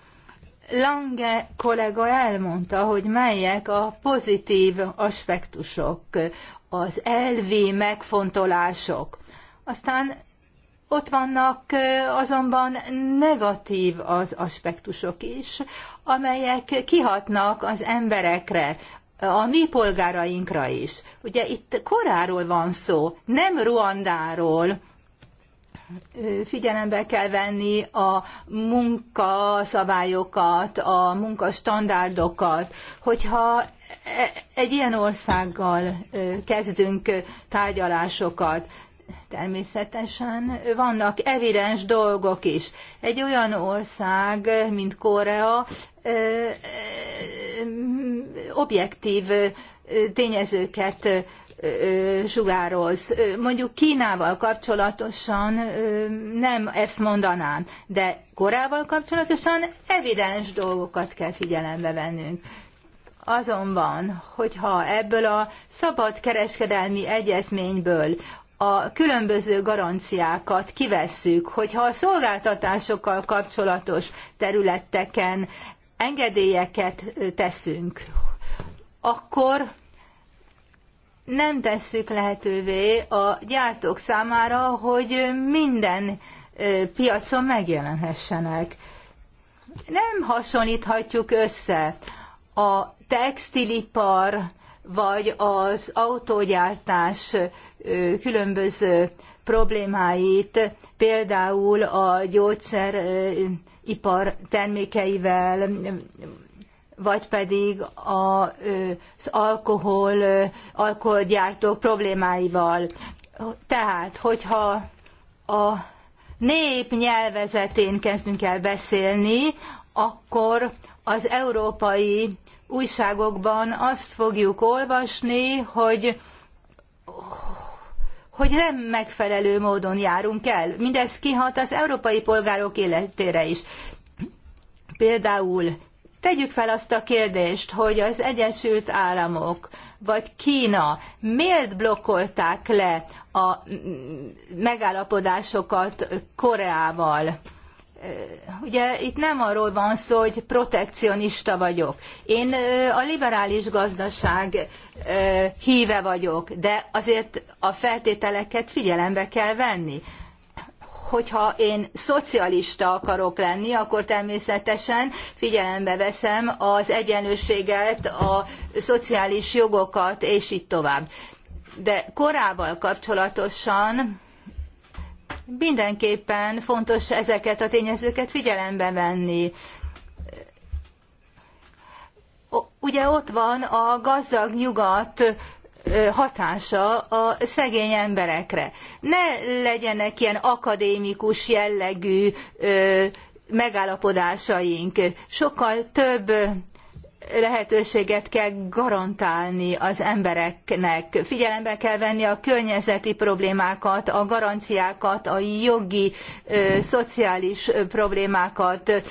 Lange kollega elmondta, hogy melyek a pozitív aspektusok, az elvi megfontolások. Aztán ott vannak azonban negatív az aspektusok is, amelyek kihatnak az emberekre, a mi polgárainkra is. Ugye itt koráról van szó, nem Ruandáról. Figyelembe kell venni a munkaszabályokat, a munkastandardokat, hogyha e, egy ilyen országgal kezdünk tárgyalásokat, természetesen vannak evidens dolgok is. Egy olyan ország, mint Korea, objektív tényezőket sugároz. Mondjuk Kínával kapcsolatosan nem ezt mondanám, de Koreával kapcsolatosan evidens dolgokat kell figyelembe vennünk. Azonban, hogyha ebből a szabad kereskedelmi egyezményből a különböző garanciákat kivesszük, hogyha a szolgáltatásokkal kapcsolatos területeken engedélyeket teszünk, akkor nem tesszük lehetővé a gyártók számára, hogy minden piacon megjelenhessenek. Nem hasonlíthatjuk össze a textilipar vagy az autógyártás különböző problémáit, például a gyógyszeripar termékeivel, vagy pedig az alkohol, alkoholgyártók problémáival. Tehát, hogyha a nép nyelvezetén kezdünk el beszélni, akkor az európai újságokban azt fogjuk olvasni, hogy hogy nem megfelelő módon járunk el. Mindez kihat az európai polgárok életére is. Például tegyük fel azt a kérdést, hogy az Egyesült Államok vagy Kína miért blokkolták le a megállapodásokat Koreával? ugye itt nem arról van szó, hogy protekcionista vagyok. Én a liberális gazdaság híve vagyok, de azért a feltételeket figyelembe kell venni. Hogyha én szocialista akarok lenni, akkor természetesen figyelembe veszem az egyenlőséget, a szociális jogokat, és így tovább. De korával kapcsolatosan mindenképpen fontos ezeket a tényezőket figyelembe venni. Ugye ott van a gazdag nyugat hatása a szegény emberekre. Ne legyenek ilyen akadémikus jellegű megállapodásaink. Sokkal több lehetőséget kell garantálni az embereknek. Figyelembe kell venni a környezeti problémákat, a garanciákat, a jogi, ö, szociális problémákat.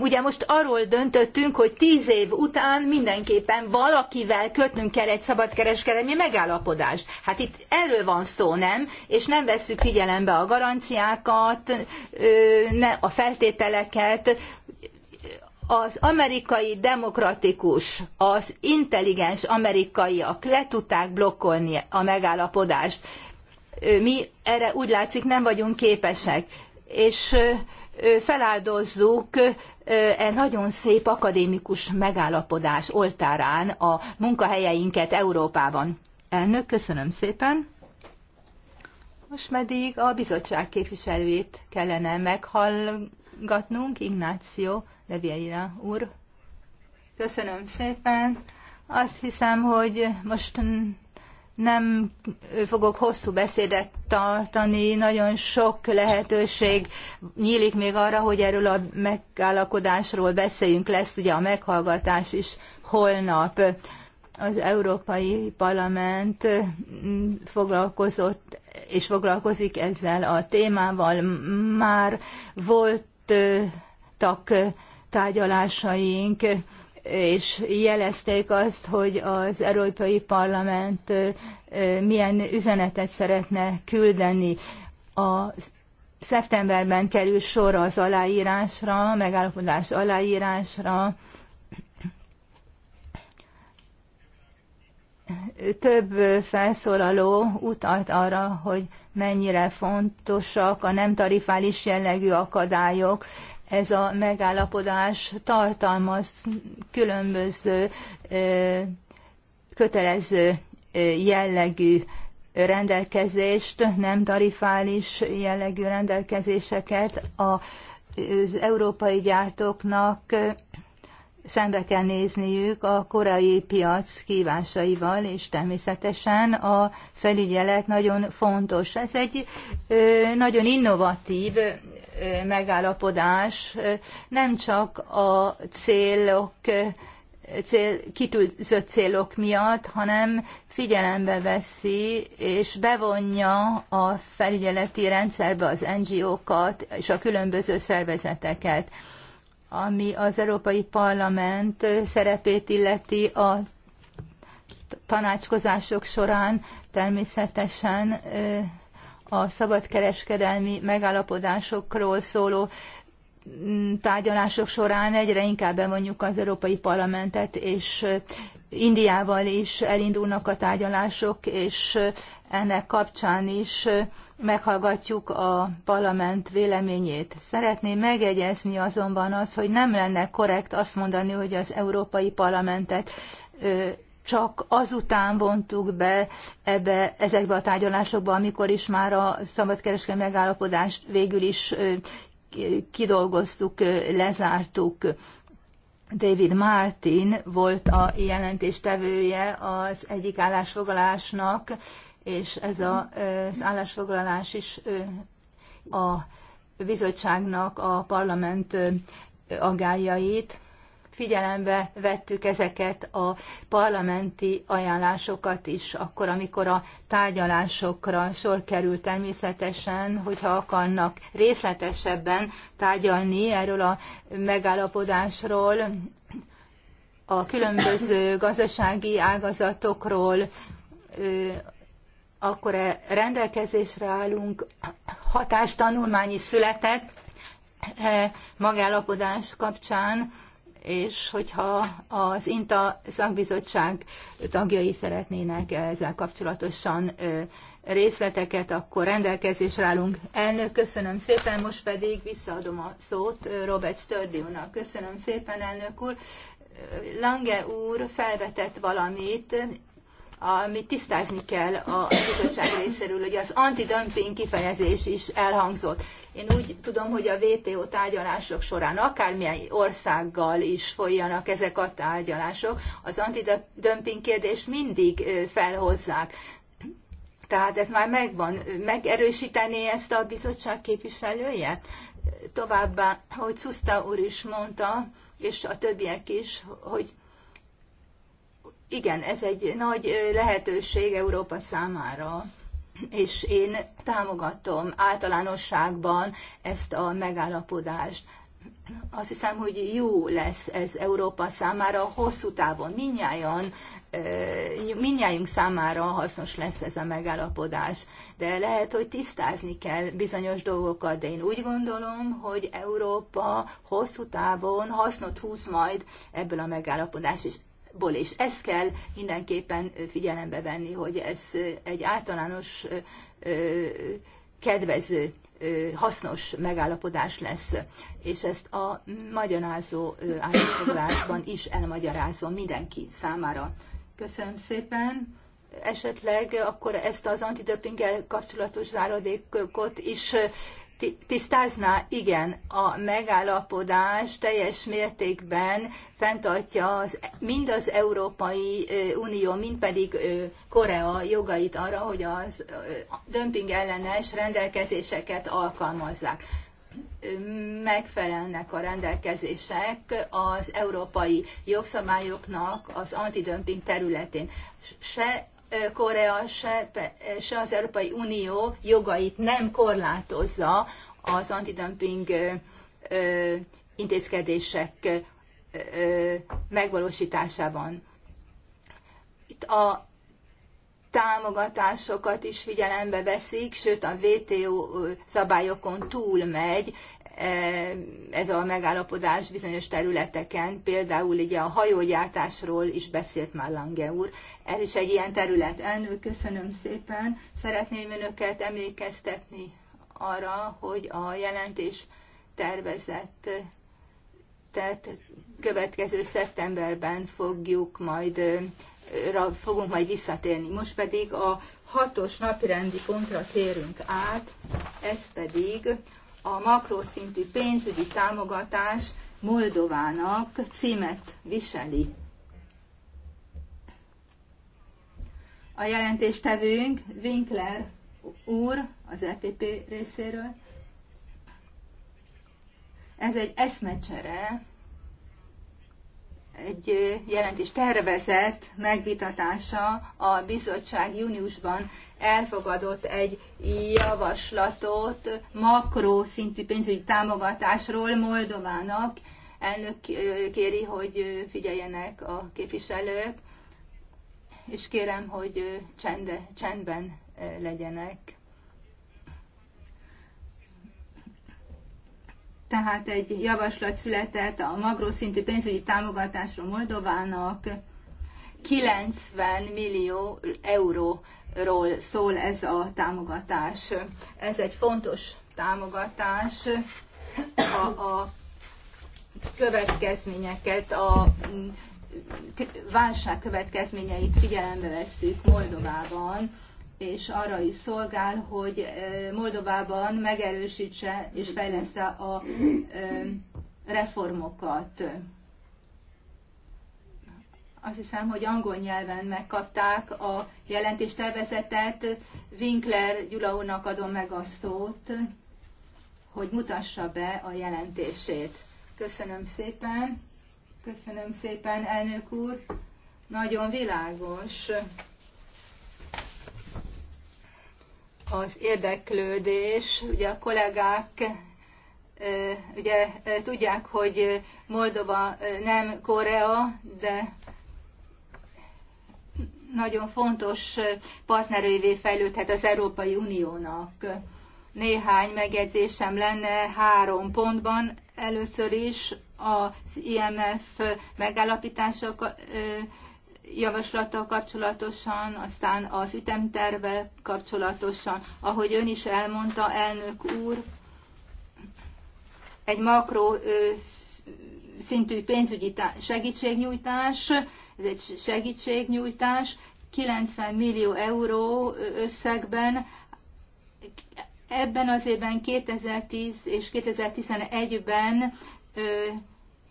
Ugye most arról döntöttünk, hogy tíz év után mindenképpen valakivel kötnünk kell egy szabadkereskedelmi megállapodást. Hát itt erről van szó, nem? És nem vesszük figyelembe a garanciákat, ö, ne, a feltételeket, az amerikai demokratikus, az intelligens amerikaiak le tudták blokkolni a megállapodást. Mi erre úgy látszik nem vagyunk képesek, és feláldozzuk e nagyon szép akadémikus megállapodás oltárán a munkahelyeinket Európában. Elnök, köszönöm szépen! Most pedig a bizottság képviselőjét kellene meghallgatni hallgatnunk, Ignáció de úr. Köszönöm szépen. Azt hiszem, hogy most nem fogok hosszú beszédet tartani, nagyon sok lehetőség nyílik még arra, hogy erről a megállapodásról beszéljünk, lesz ugye a meghallgatás is holnap. Az Európai Parlament foglalkozott és foglalkozik ezzel a témával. Már volt folytattak tárgyalásaink, és jelezték azt, hogy az Európai Parlament milyen üzenetet szeretne küldeni. A szeptemberben kerül sor az aláírásra, megállapodás aláírásra. Több felszólaló utalt arra, hogy mennyire fontosak a nem tarifális jellegű akadályok. Ez a megállapodás tartalmaz különböző kötelező jellegű rendelkezést, nem tarifális jellegű rendelkezéseket az európai gyártóknak szembe kell nézniük a korai piac kívásaival, és természetesen a felügyelet nagyon fontos. Ez egy nagyon innovatív megállapodás, nem csak a célok cél, kitűzött célok miatt, hanem figyelembe veszi és bevonja a felügyeleti rendszerbe az NGO-kat és a különböző szervezeteket ami az Európai Parlament szerepét illeti a tanácskozások során természetesen a szabadkereskedelmi megállapodásokról szóló mm, tárgyalások során egyre inkább bevonjuk az Európai Parlamentet, és Indiával is elindulnak a tárgyalások, és ennek kapcsán is meghallgatjuk a parlament véleményét. Szeretném megegyezni azonban az, hogy nem lenne korrekt azt mondani, hogy az Európai Parlamentet csak azután vontuk be ebbe, ezekbe a tárgyalásokba, amikor is már a szabadkereskedelmi megállapodást végül is kidolgoztuk, lezártuk. David Martin volt a jelentéstevője az egyik állásfoglalásnak, és ez a, az állásfoglalás is a bizottságnak a parlament agájait. Figyelembe vettük ezeket a parlamenti ajánlásokat is, akkor, amikor a tárgyalásokra sor került természetesen, hogyha akarnak részletesebben tárgyalni erről a megállapodásról, a különböző gazdasági ágazatokról, akkor e rendelkezésre állunk, hatástanulmány is született e, magállapodás kapcsán, és hogyha az INTA szakbizottság tagjai szeretnének ezzel kapcsolatosan e, részleteket, akkor rendelkezésre állunk. Elnök, köszönöm szépen, most pedig visszaadom a szót Robert Sturdiónak. Köszönöm szépen, elnök úr. Lange úr felvetett valamit, amit tisztázni kell a bizottság részéről, hogy az antidumping kifejezés is elhangzott. Én úgy tudom, hogy a WTO tárgyalások során akármilyen országgal is folyjanak ezek a tárgyalások, az antidumping kérdést mindig felhozzák. Tehát ez már megvan. Megerősítené ezt a bizottság képviselője? Továbbá, hogy Szuszta úr is mondta, és a többiek is, hogy igen, ez egy nagy lehetőség Európa számára, és én támogatom általánosságban ezt a megállapodást. Azt hiszem, hogy jó lesz ez Európa számára hosszú távon, minnyáján, minnyájunk számára hasznos lesz ez a megállapodás. De lehet, hogy tisztázni kell bizonyos dolgokat, de én úgy gondolom, hogy Európa hosszú távon hasznot húz majd ebből a megállapodás, és ból és Ezt kell mindenképpen figyelembe venni, hogy ez egy általános kedvező, hasznos megállapodás lesz. És ezt a magyarázó állásfoglalásban is elmagyarázom mindenki számára. Köszönöm szépen! Esetleg akkor ezt az antidöpinggel kapcsolatos záradékot is tisztázná, igen, a megállapodás teljes mértékben fenntartja az, mind az Európai Unió, mind pedig Korea jogait arra, hogy az dömping ellenes rendelkezéseket alkalmazzák. Megfelelnek a rendelkezések az európai jogszabályoknak az antidömping területén. Se Korea se, se az Európai Unió jogait nem korlátozza az antidumping intézkedések megvalósításában. Itt a támogatásokat is figyelembe veszik, sőt a WTO szabályokon túl megy, ez a megállapodás bizonyos területeken, például ugye a hajógyártásról is beszélt már Lange úr. Ez is egy ilyen terület. Elnök, köszönöm szépen. Szeretném önöket emlékeztetni arra, hogy a jelentés tervezett tehát következő szeptemberben fogjuk majd fogunk majd visszatérni. Most pedig a hatos napirendi pontra térünk át, ez pedig a makroszintű pénzügyi támogatás Moldovának címet viseli. A jelentéstevőnk Winkler úr az EPP részéről. Ez egy eszmecsere egy jelentés tervezett megvitatása a bizottság júniusban elfogadott egy javaslatot makró szintű pénzügyi támogatásról Moldovának. Elnök kéri, hogy figyeljenek a képviselők, és kérem, hogy csendben legyenek. Tehát egy javaslat született a szintű pénzügyi támogatásról Moldovának. 90 millió euróról szól ez a támogatás. Ez egy fontos támogatás. A, a következményeket, a válság következményeit figyelembe vesszük Moldovában és arra is szolgál, hogy Moldovában megerősítse és fejleszte a reformokat. Azt hiszem, hogy angol nyelven megkapták a jelentéstervezetet. Winkler Gyula úrnak adom meg a szót, hogy mutassa be a jelentését. Köszönöm szépen. Köszönöm szépen, elnök úr. Nagyon világos az érdeklődés. Ugye a kollégák ugye tudják, hogy Moldova nem Korea, de nagyon fontos partnerévé fejlődhet az Európai Uniónak. Néhány megjegyzésem lenne három pontban. Először is az IMF megállapításokkal javaslattal kapcsolatosan, aztán az ütemterve kapcsolatosan, ahogy ön is elmondta, elnök úr, egy makro szintű pénzügyi segítségnyújtás, ez egy segítségnyújtás, 90 millió euró összegben, ebben az évben 2010 és 2011-ben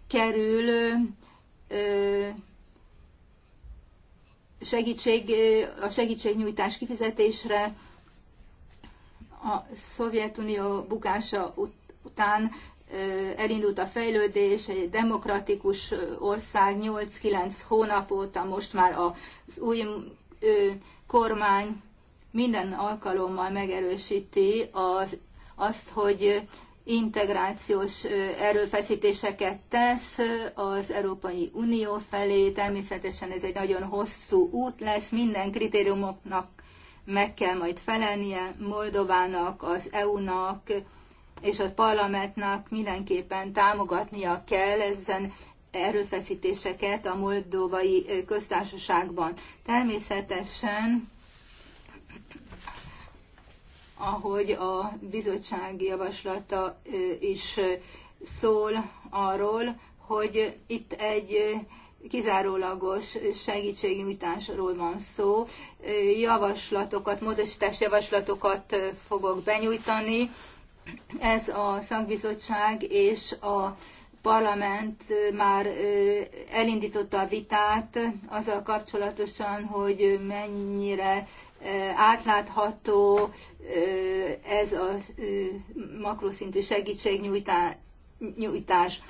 kerül ö, segítség, a segítségnyújtás kifizetésre a Szovjetunió bukása után elindult a fejlődés, egy demokratikus ország 8-9 hónap óta, most már az új kormány minden alkalommal megerősíti az, azt, hogy integrációs erőfeszítéseket tesz az Európai Unió felé. Természetesen ez egy nagyon hosszú út lesz, minden kritériumoknak meg kell majd felelnie Moldovának, az EU-nak és a parlamentnak mindenképpen támogatnia kell ezen erőfeszítéseket a moldovai köztársaságban. Természetesen ahogy a bizottság javaslata is szól arról, hogy itt egy kizárólagos segítségnyújtásról van szó. Javaslatokat, módosítás javaslatokat fogok benyújtani. Ez a szakbizottság és a parlament már elindította a vitát azzal kapcsolatosan, hogy mennyire átlátható ez a makroszintű segítségnyújtás.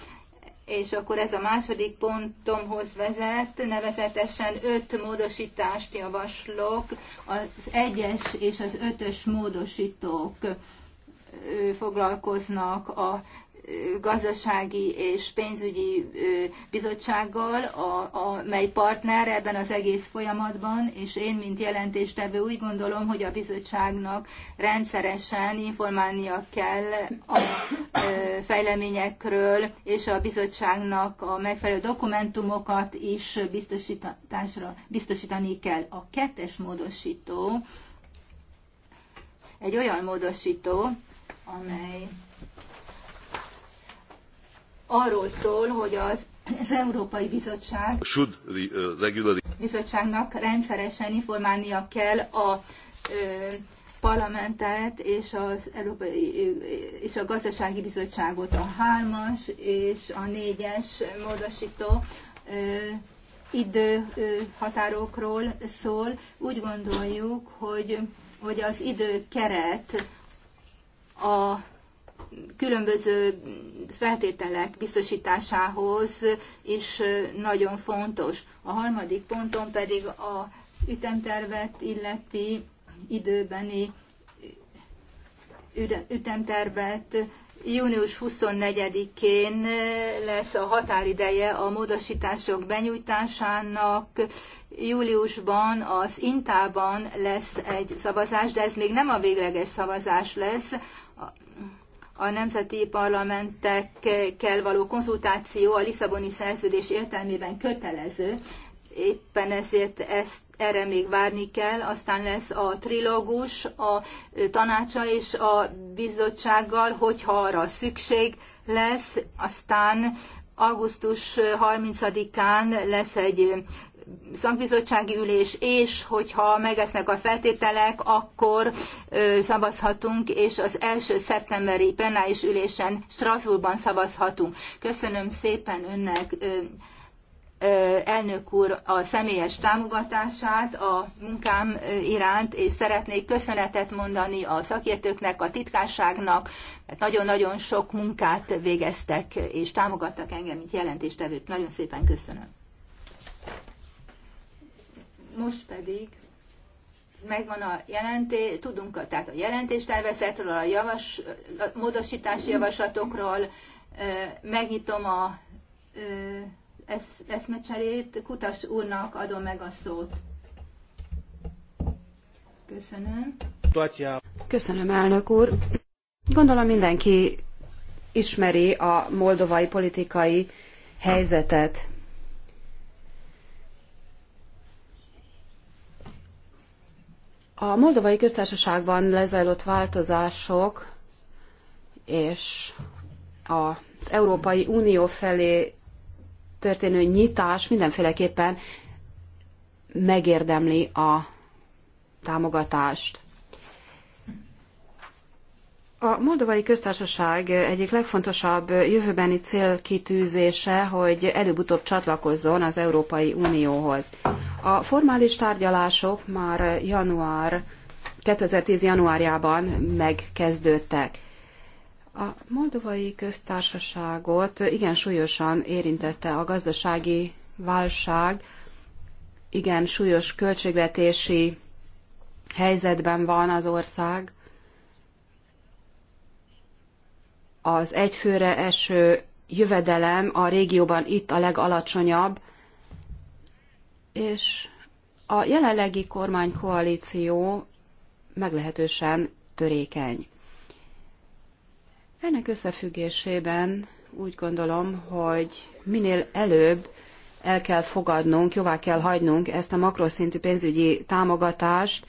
És akkor ez a második pontomhoz vezet, nevezetesen öt módosítást javaslok, az egyes és az ötös módosítók foglalkoznak a gazdasági és pénzügyi bizottsággal, a, a, mely partner ebben az egész folyamatban, és én, mint jelentéstevő úgy gondolom, hogy a bizottságnak rendszeresen informálnia kell a ö, fejleményekről, és a bizottságnak a megfelelő dokumentumokat is biztosításra, biztosítani kell. A kettes módosító egy olyan módosító, amely arról szól, hogy az az Európai Bizottság Should the, uh, bizottságnak rendszeresen informálnia kell a ö, parlamentet és, az Európai, és a gazdasági bizottságot a hármas és a négyes módosító ö, időhatárokról szól. Úgy gondoljuk, hogy, hogy az időkeret a különböző feltételek biztosításához is nagyon fontos. A harmadik ponton pedig az ütemtervet illeti időbeni ütemtervet június 24-én lesz a határideje a módosítások benyújtásának. Júliusban az Intában lesz egy szavazás, de ez még nem a végleges szavazás lesz a nemzeti parlamentekkel való konzultáció a Lisszaboni szerződés értelmében kötelező, éppen ezért ezt erre még várni kell, aztán lesz a trilógus a tanácsal és a bizottsággal, hogyha arra szükség lesz, aztán augusztus 30-án lesz egy szakbizottsági ülés, és hogyha megesznek a feltételek, akkor szavazhatunk, és az első szeptemberi plenáris ülésen Strasbourgban szavazhatunk. Köszönöm szépen önnek, elnök úr, a személyes támogatását a munkám iránt, és szeretnék köszönetet mondani a szakértőknek, a titkárságnak, mert nagyon-nagyon sok munkát végeztek, és támogattak engem, mint jelentéstevőt. Nagyon szépen köszönöm. Most pedig megvan a jelentés, tudunk a, tehát a jelentéstervezetről, a javas, a módosítási javaslatokról, megnyitom a eszmecserét, Kutas úrnak adom meg a szót. Köszönöm. Köszönöm, elnök úr. Gondolom mindenki ismeri a moldovai politikai helyzetet. A Moldovai Köztársaságban lezajlott változások és az Európai Unió felé történő nyitás mindenféleképpen megérdemli a támogatást. A Moldovai Köztársaság egyik legfontosabb jövőbeni célkitűzése, hogy előbb-utóbb csatlakozzon az Európai Unióhoz. A formális tárgyalások már január 2010. januárjában megkezdődtek. A Moldovai Köztársaságot igen súlyosan érintette a gazdasági válság, igen súlyos költségvetési helyzetben van az ország, az egyfőre eső jövedelem a régióban itt a legalacsonyabb, és a jelenlegi kormánykoalíció meglehetősen törékeny. Ennek összefüggésében úgy gondolom, hogy minél előbb el kell fogadnunk, jóvá kell hagynunk ezt a makroszintű pénzügyi támogatást,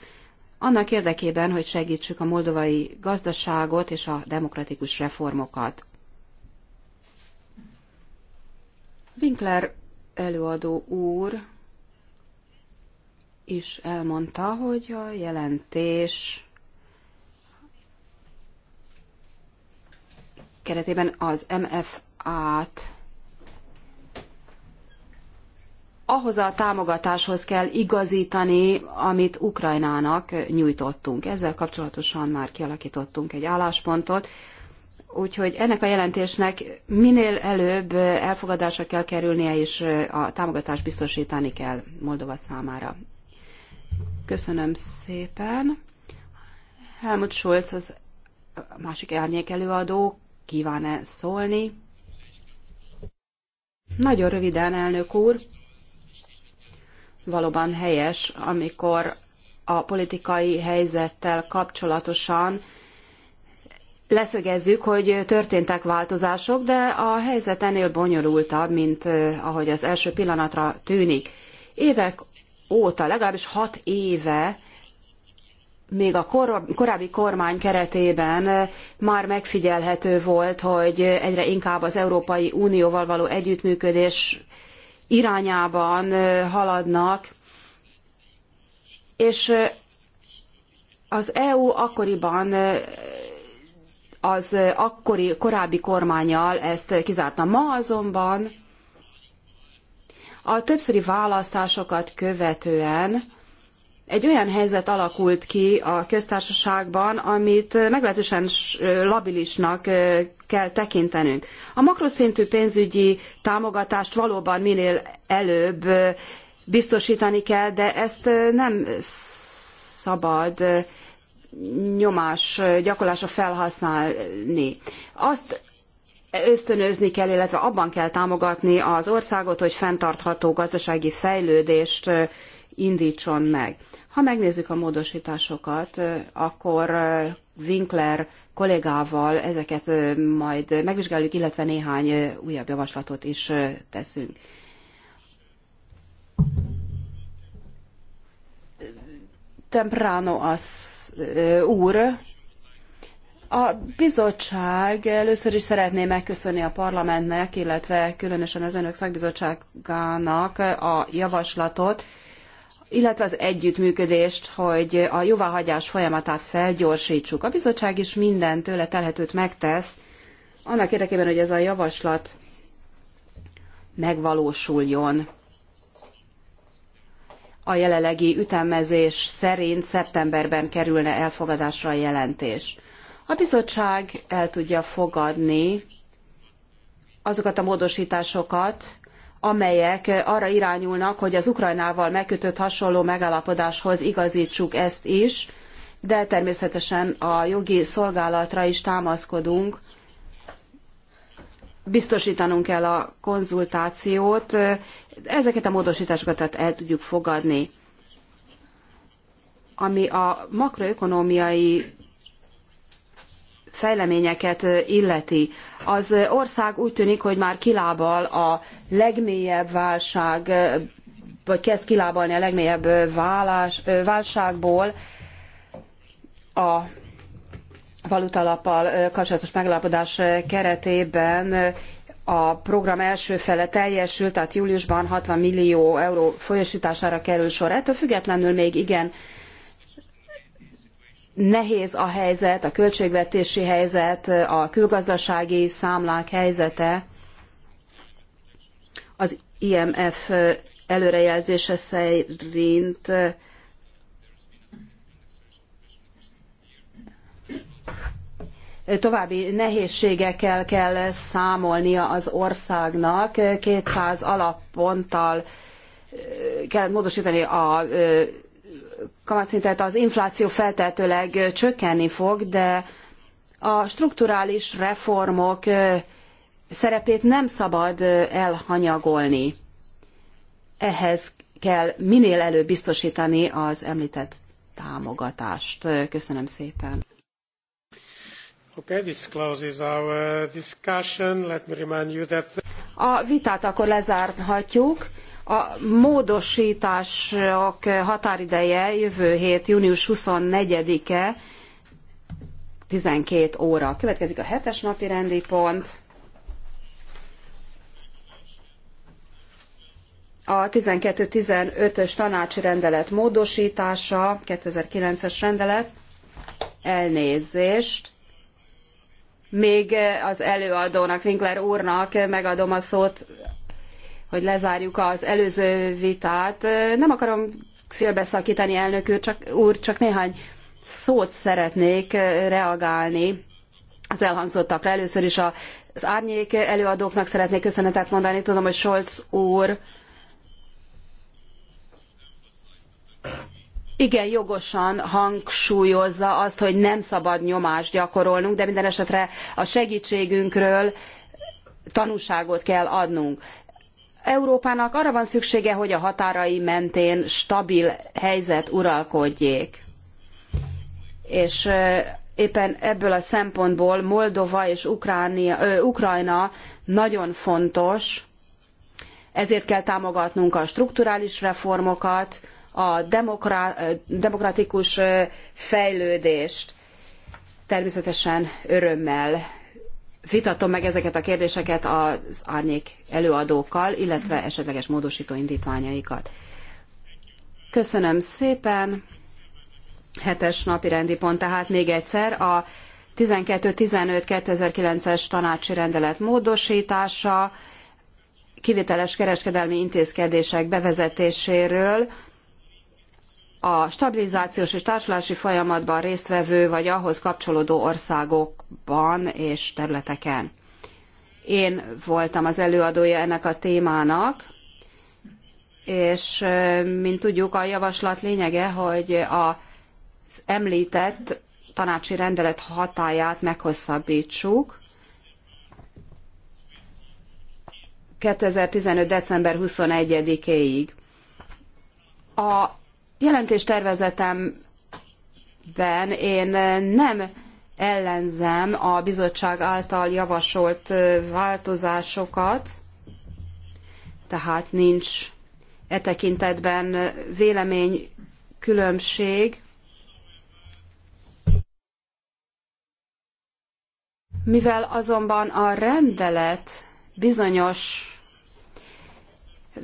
annak érdekében, hogy segítsük a moldovai gazdaságot és a demokratikus reformokat. Winkler előadó úr is elmondta, hogy a jelentés keretében az MFA-t ahhoz a támogatáshoz kell igazítani, amit Ukrajnának nyújtottunk. Ezzel kapcsolatosan már kialakítottunk egy álláspontot, úgyhogy ennek a jelentésnek minél előbb elfogadásra kell kerülnie, és a támogatást biztosítani kell Moldova számára. Köszönöm szépen. Helmut Scholz, az másik árnyék előadó, kíván-e szólni? Nagyon röviden, elnök úr valóban helyes, amikor a politikai helyzettel kapcsolatosan leszögezzük, hogy történtek változások, de a helyzet ennél bonyolultabb, mint eh, ahogy az első pillanatra tűnik. Évek óta, legalábbis hat éve, még a korábbi kormány keretében eh, már megfigyelhető volt, hogy egyre inkább az Európai Unióval való együttműködés irányában haladnak, és az EU akkoriban az akkori korábbi kormányjal ezt kizárta. Ma azonban a többszöri választásokat követően egy olyan helyzet alakult ki a köztársaságban, amit meglehetősen labilisnak kell tekintenünk. A makroszintű pénzügyi támogatást valóban minél előbb biztosítani kell, de ezt nem szabad nyomás gyakorlása felhasználni. Azt ösztönözni kell, illetve abban kell támogatni az országot, hogy fenntartható gazdasági fejlődést indítson meg. Ha megnézzük a módosításokat, akkor Winkler kollégával ezeket majd megvizsgáljuk, illetve néhány újabb javaslatot is teszünk. Temprano az úr, a bizottság először is szeretné megköszönni a parlamentnek, illetve különösen az önök szakbizottságának a javaslatot, illetve az együttműködést, hogy a jóváhagyás folyamatát felgyorsítsuk. A bizottság is minden tőle telhetőt megtesz, annak érdekében, hogy ez a javaslat megvalósuljon. A jelenlegi ütemezés szerint szeptemberben kerülne elfogadásra a jelentés. A bizottság el tudja fogadni azokat a módosításokat, amelyek arra irányulnak, hogy az Ukrajnával megkötött hasonló megállapodáshoz igazítsuk ezt is, de természetesen a jogi szolgálatra is támaszkodunk. Biztosítanunk kell a konzultációt, ezeket a módosításokat tehát el tudjuk fogadni. Ami a makroökonómiai fejleményeket illeti. Az ország úgy tűnik, hogy már kilábal a legmélyebb válság, vagy kezd kilábalni a legmélyebb válás, válságból a valutalappal kapcsolatos megállapodás keretében a program első fele teljesült, tehát júliusban 60 millió euró folyosítására kerül sor. Ettől függetlenül még igen nehéz a helyzet, a költségvetési helyzet, a külgazdasági számlák helyzete. Az IMF előrejelzése szerint további nehézségekkel kell számolnia az országnak, 200 alapponttal kell módosítani a kamatszintet az infláció feltehetőleg csökkenni fog, de a strukturális reformok szerepét nem szabad elhanyagolni. Ehhez kell minél előbb biztosítani az említett támogatást. Köszönöm szépen. Okay, this closes our uh, discussion. Let me remind you that... A vitát akkor lezárhatjuk. A módosítások határideje jövő hét június 24-e 12 óra. Következik a hetes napi rendi pont. A 12-15-ös tanácsi rendelet módosítása, 2009-es rendelet, elnézést. Még az előadónak, Winkler úrnak megadom a szót hogy lezárjuk az előző vitát. Nem akarom félbeszakítani elnök úr, csak, úr, csak néhány szót szeretnék reagálni az elhangzottakra. Először is az árnyék előadóknak szeretnék köszönetet mondani. Tudom, hogy Scholz úr igen jogosan hangsúlyozza azt, hogy nem szabad nyomást gyakorolnunk, de minden esetre a segítségünkről tanúságot kell adnunk. Európának arra van szüksége, hogy a határai mentén stabil helyzet uralkodjék. És éppen ebből a szempontból Moldova és Ukránia, ö, Ukrajna nagyon fontos, ezért kell támogatnunk a strukturális reformokat, a demokratikus fejlődést. Természetesen örömmel vitatom meg ezeket a kérdéseket az árnyék előadókkal, illetve esetleges módosító indítványaikat. Köszönöm szépen. Hetes napi rendi pont, tehát még egyszer a 12-15-2009-es tanácsi rendelet módosítása, kivételes kereskedelmi intézkedések bevezetéséről, a stabilizációs és társulási folyamatban résztvevő vagy ahhoz kapcsolódó országokban és területeken. Én voltam az előadója ennek a témának, és mint tudjuk, a javaslat lényege, hogy az említett tanácsi rendelet hatáját meghosszabbítsuk, 2015. december 21-éig. A jelentéstervezetemben én nem ellenzem a bizottság által javasolt változásokat, tehát nincs e tekintetben véleménykülönbség. Mivel azonban a rendelet bizonyos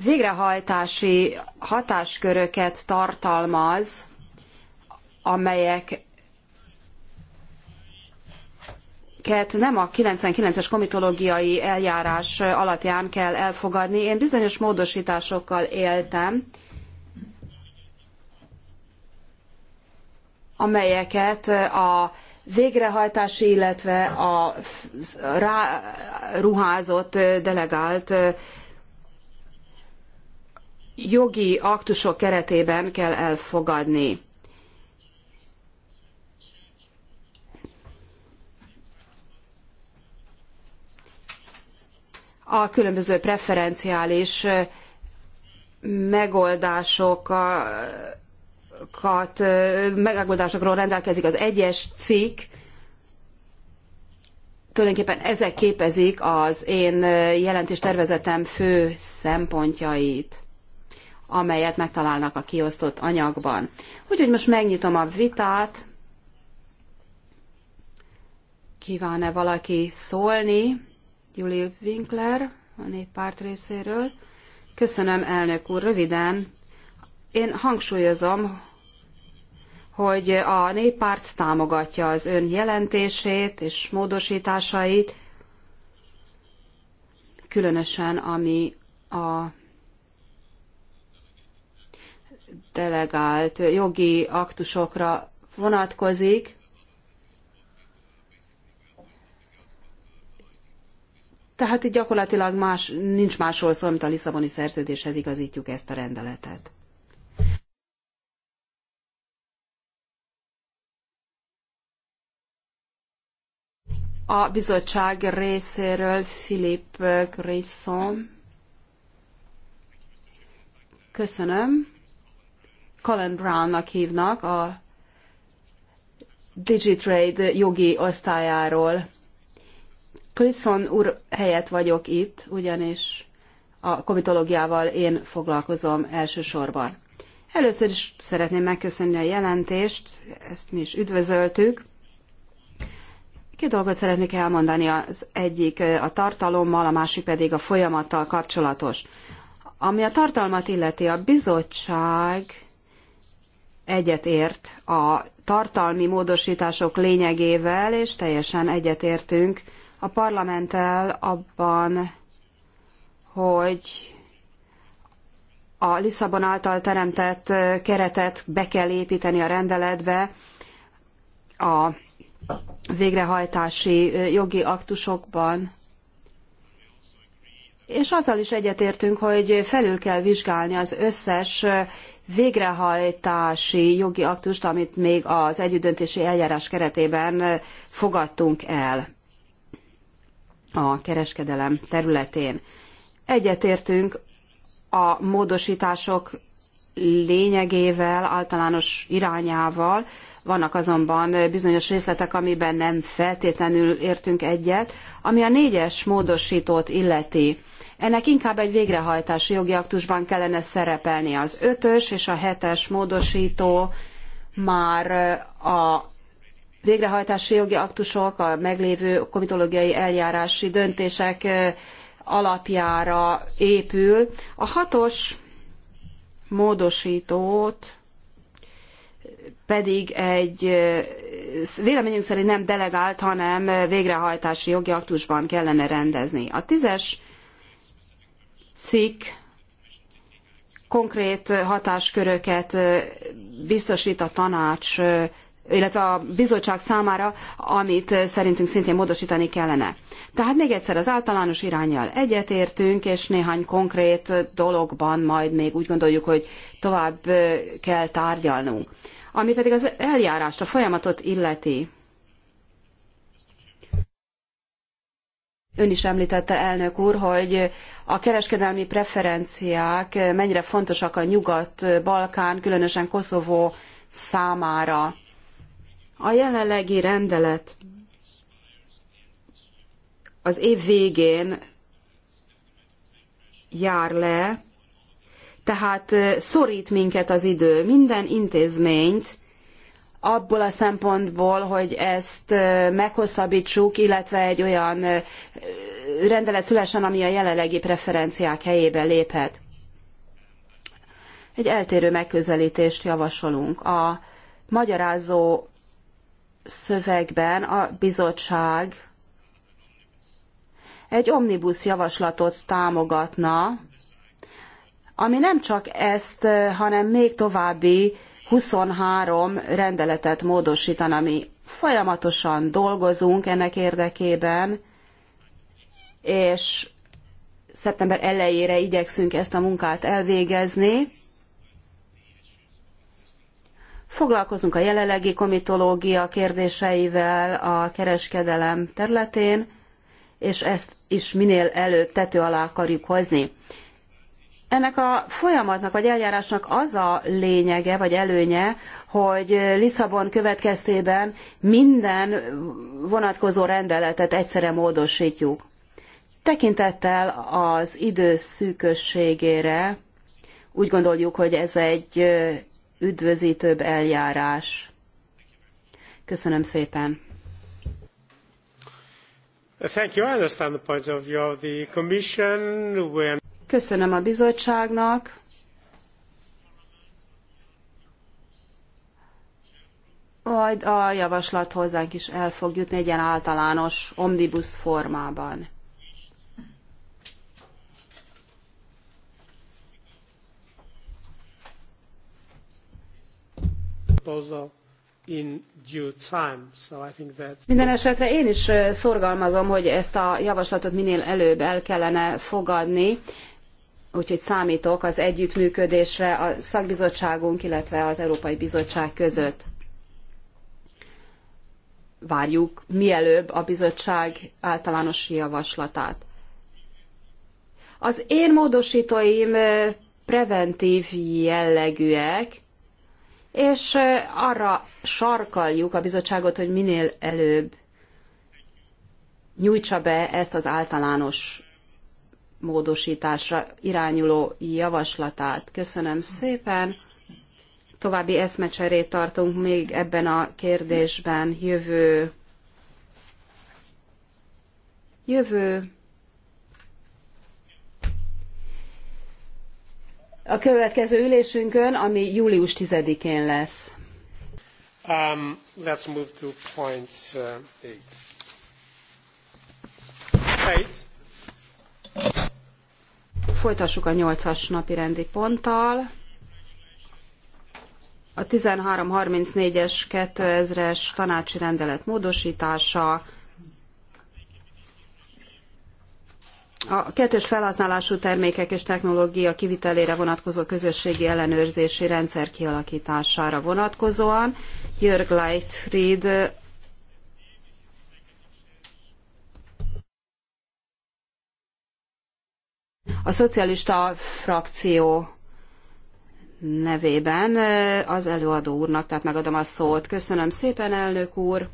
végrehajtási hatásköröket tartalmaz, amelyek nem a 99-es komitológiai eljárás alapján kell elfogadni. Én bizonyos módosításokkal éltem, amelyeket a végrehajtási, illetve a ráruházott delegált jogi aktusok keretében kell elfogadni. A különböző preferenciális megoldásokat, megoldásokról rendelkezik az egyes cikk, tulajdonképpen ezek képezik az én jelentéstervezetem fő szempontjait amelyet megtalálnak a kiosztott anyagban. Úgyhogy most megnyitom a vitát. Kíván-e valaki szólni? Juli Winkler a néppárt részéről. Köszönöm, elnök úr, röviden. Én hangsúlyozom, hogy a néppárt támogatja az ön jelentését és módosításait, különösen ami a delegált jogi aktusokra vonatkozik. Tehát itt gyakorlatilag más, nincs másról szó, mint a Lisszaboni szerződéshez igazítjuk ezt a rendeletet. A bizottság részéről Philip Grisson. Köszönöm. Colin Brownnak hívnak, a Digitrade jogi osztályáról. Clisson úr helyett vagyok itt, ugyanis a komitológiával én foglalkozom elsősorban. Először is szeretném megköszönni a jelentést, ezt mi is üdvözöltük. Két dolgot szeretnék elmondani, az egyik a tartalommal, a másik pedig a folyamattal kapcsolatos. Ami a tartalmat illeti, a bizottság egyetért a tartalmi módosítások lényegével, és teljesen egyetértünk a parlamenttel abban, hogy a Lisszabon által teremtett keretet be kell építeni a rendeletbe a végrehajtási jogi aktusokban. És azzal is egyetértünk, hogy felül kell vizsgálni az összes végrehajtási jogi aktust, amit még az együttdöntési eljárás keretében fogadtunk el a kereskedelem területén. Egyetértünk a módosítások lényegével, általános irányával, vannak azonban bizonyos részletek, amiben nem feltétlenül értünk egyet, ami a négyes módosítót illeti. Ennek inkább egy végrehajtási jogi aktusban kellene szerepelni. Az ötös és a hetes módosító már a végrehajtási jogi aktusok, a meglévő komitológiai eljárási döntések alapjára épül. A hatos módosítót pedig egy véleményünk szerint nem delegált, hanem végrehajtási jogi aktusban kellene rendezni. A tízes cikk konkrét hatásköröket biztosít a tanács, illetve a bizottság számára, amit szerintünk szintén módosítani kellene. Tehát még egyszer az általános irányjal egyetértünk, és néhány konkrét dologban majd még úgy gondoljuk, hogy tovább kell tárgyalnunk. Ami pedig az eljárást, a folyamatot illeti, Ön is említette, elnök úr, hogy a kereskedelmi preferenciák mennyire fontosak a Nyugat-Balkán, különösen Koszovó számára. A jelenlegi rendelet az év végén jár le, tehát szorít minket az idő, minden intézményt, abból a szempontból, hogy ezt meghosszabbítsuk, illetve egy olyan rendelet szülessen, ami a jelenlegi preferenciák helyébe léphet. Egy eltérő megközelítést javasolunk. A magyarázó szövegben a bizottság egy omnibus javaslatot támogatna, ami nem csak ezt, hanem még további 23 rendeletet módosítani, ami folyamatosan dolgozunk ennek érdekében, és szeptember elejére igyekszünk ezt a munkát elvégezni. Foglalkozunk a jelenlegi komitológia kérdéseivel a kereskedelem területén, és ezt is minél előbb tető alá akarjuk hozni. Ennek a folyamatnak vagy eljárásnak az a lényege vagy előnye, hogy Lisszabon következtében minden vonatkozó rendeletet egyszerre módosítjuk. Tekintettel az idő szűkösségére úgy gondoljuk, hogy ez egy üdvözítőbb eljárás. Köszönöm szépen. Thank you. I understand the point of view of the Commission when Köszönöm a bizottságnak, majd a javaslat hozzánk is el fog jutni egy ilyen általános omnibus formában. Minden esetre én is szorgalmazom, hogy ezt a javaslatot minél előbb el kellene fogadni, Úgyhogy számítok az együttműködésre a szakbizottságunk, illetve az Európai Bizottság között. Várjuk mielőbb a bizottság általános javaslatát. Az én módosítóim preventív jellegűek, és arra sarkaljuk a bizottságot, hogy minél előbb nyújtsa be ezt az általános módosításra irányuló javaslatát. Köszönöm szépen. További eszmecserét tartunk még ebben a kérdésben jövő jövő a következő ülésünkön, ami július 10-én lesz. Um, let's move to point uh, eight. Eight folytassuk a nyolcas as napi rendi ponttal. A 1334-es 2000-es tanácsi rendelet módosítása, a kettős felhasználású termékek és technológia kivitelére vonatkozó közösségi ellenőrzési rendszer kialakítására vonatkozóan Jörg Leitfried A szocialista frakció nevében az előadó úrnak, tehát megadom a szót. Köszönöm szépen, elnök úr!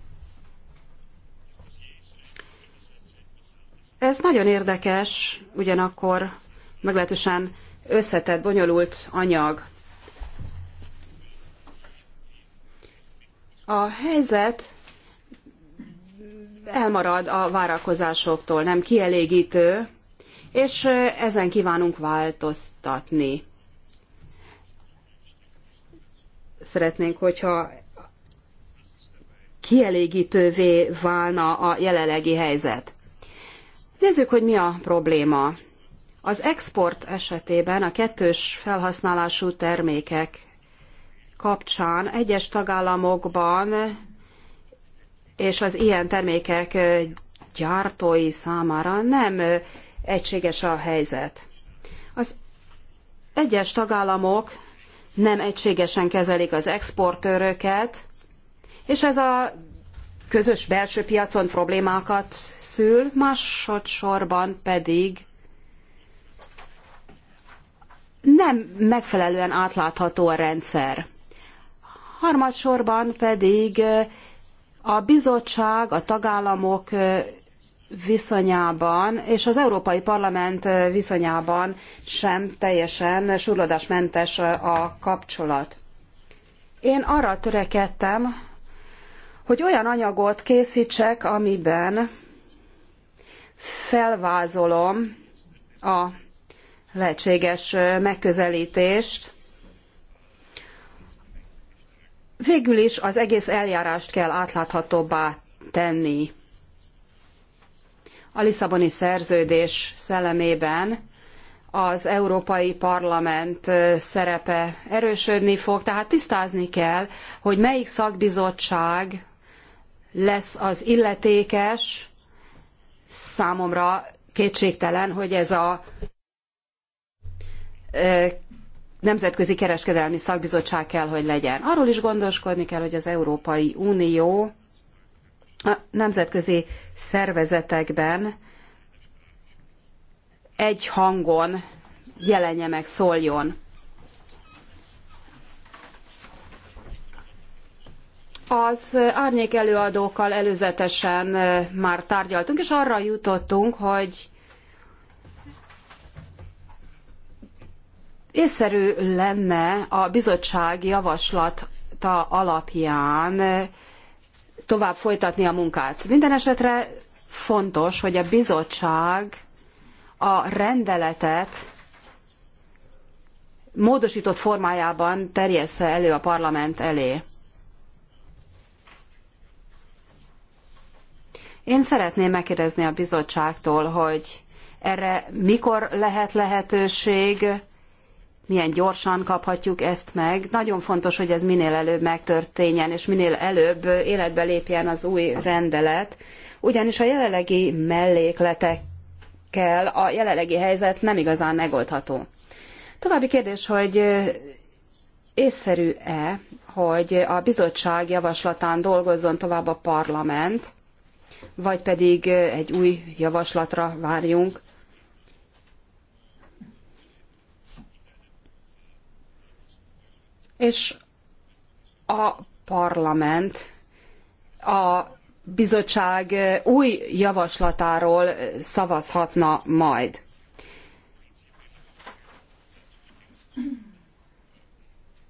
Ez nagyon érdekes, ugyanakkor meglehetősen összetett, bonyolult anyag. A helyzet elmarad a várakozásoktól, nem kielégítő, és ezen kívánunk változtatni. Szeretnénk, hogyha kielégítővé válna a jelenlegi helyzet. Nézzük, hogy mi a probléma. Az export esetében a kettős felhasználású termékek kapcsán egyes tagállamokban és az ilyen termékek gyártói számára nem egységes a helyzet. Az egyes tagállamok nem egységesen kezelik az exportőröket, és ez a közös belső piacon problémákat szül, másodszorban pedig nem megfelelően átlátható a rendszer. Harmadsorban pedig a bizottság, a tagállamok viszonyában, és az Európai Parlament viszonyában sem teljesen surlódásmentes a kapcsolat. Én arra törekedtem, hogy olyan anyagot készítsek, amiben felvázolom a lehetséges megközelítést. Végül is az egész eljárást kell átláthatóbbá tenni a Lisszaboni szerződés szellemében az Európai Parlament szerepe erősödni fog, tehát tisztázni kell, hogy melyik szakbizottság lesz az illetékes, számomra kétségtelen, hogy ez a Nemzetközi Kereskedelmi Szakbizottság kell, hogy legyen. Arról is gondoskodni kell, hogy az Európai Unió a nemzetközi szervezetekben egy hangon jelenje meg, szóljon. Az árnyék előadókkal előzetesen már tárgyaltunk, és arra jutottunk, hogy észszerű lenne a bizottság javaslata alapján tovább folytatni a munkát. Minden esetre fontos, hogy a bizottság a rendeletet módosított formájában terjessze elő a parlament elé. Én szeretném megkérdezni a bizottságtól, hogy erre mikor lehet lehetőség, milyen gyorsan kaphatjuk ezt meg. Nagyon fontos, hogy ez minél előbb megtörténjen, és minél előbb életbe lépjen az új rendelet, ugyanis a jelenlegi mellékletekkel a jelenlegi helyzet nem igazán megoldható. További kérdés, hogy észszerű-e, hogy a bizottság javaslatán dolgozzon tovább a parlament, vagy pedig egy új javaslatra várjunk. és a parlament a bizottság új javaslatáról szavazhatna majd.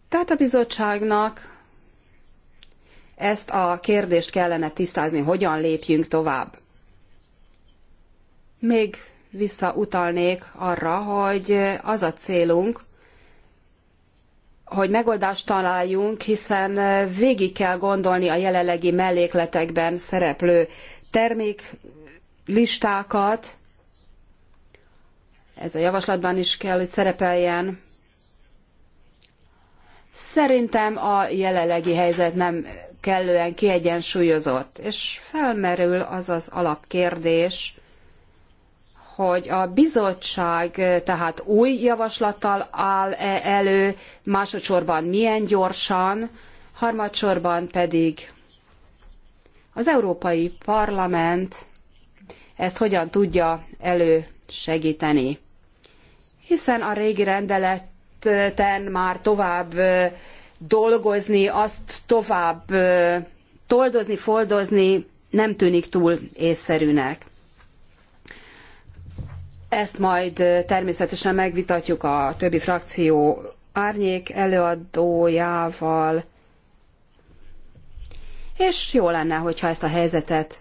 Tehát a bizottságnak ezt a kérdést kellene tisztázni, hogyan lépjünk tovább. Még visszautalnék arra, hogy az a célunk, hogy megoldást találjunk, hiszen végig kell gondolni a jelenlegi mellékletekben szereplő terméklistákat. Ez a javaslatban is kell, hogy szerepeljen. Szerintem a jelenlegi helyzet nem kellően kiegyensúlyozott, és felmerül az az alapkérdés, hogy a bizottság tehát új javaslattal áll -e elő, másodszorban milyen gyorsan, harmadsorban pedig az Európai Parlament ezt hogyan tudja elősegíteni. Hiszen a régi rendeleten már tovább dolgozni, azt tovább toldozni, foldozni nem tűnik túl észszerűnek. Ezt majd természetesen megvitatjuk a többi frakció árnyék előadójával, és jó lenne, hogyha ezt a helyzetet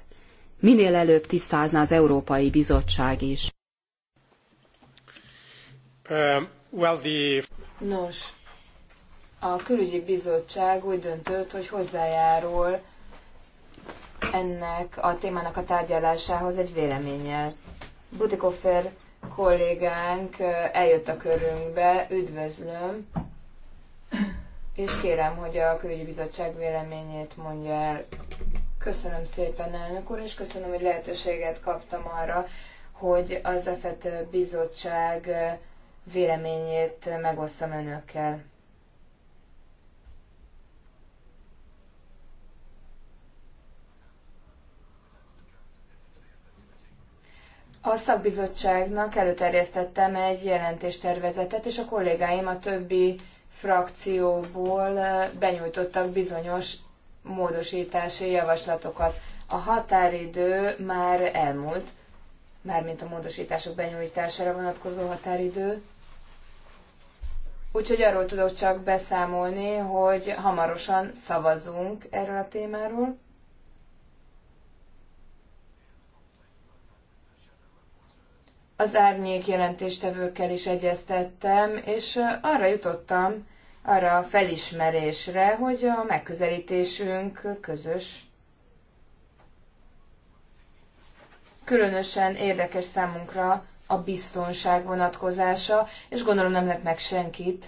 minél előbb tisztázná az Európai Bizottság is. Um, well, the... Nos, a külügyi bizottság úgy döntött, hogy hozzájárul ennek a témának a tárgyalásához egy véleménnyel. Butikoffer kollégánk eljött a körünkbe, üdvözlöm, és kérem, hogy a külügyi bizottság véleményét mondja el. Köszönöm szépen, elnök úr, és köszönöm, hogy lehetőséget kaptam arra, hogy az EFET bizottság véleményét megosztam önökkel. A szakbizottságnak előterjesztettem egy jelentéstervezetet, és a kollégáim a többi frakcióból benyújtottak bizonyos módosítási javaslatokat. A határidő már elmúlt, mármint a módosítások benyújtására vonatkozó határidő. Úgyhogy arról tudok csak beszámolni, hogy hamarosan szavazunk erről a témáról. az árnyék jelentéstevőkkel is egyeztettem, és arra jutottam, arra a felismerésre, hogy a megközelítésünk közös. Különösen érdekes számunkra a biztonság vonatkozása, és gondolom nem lep meg senkit,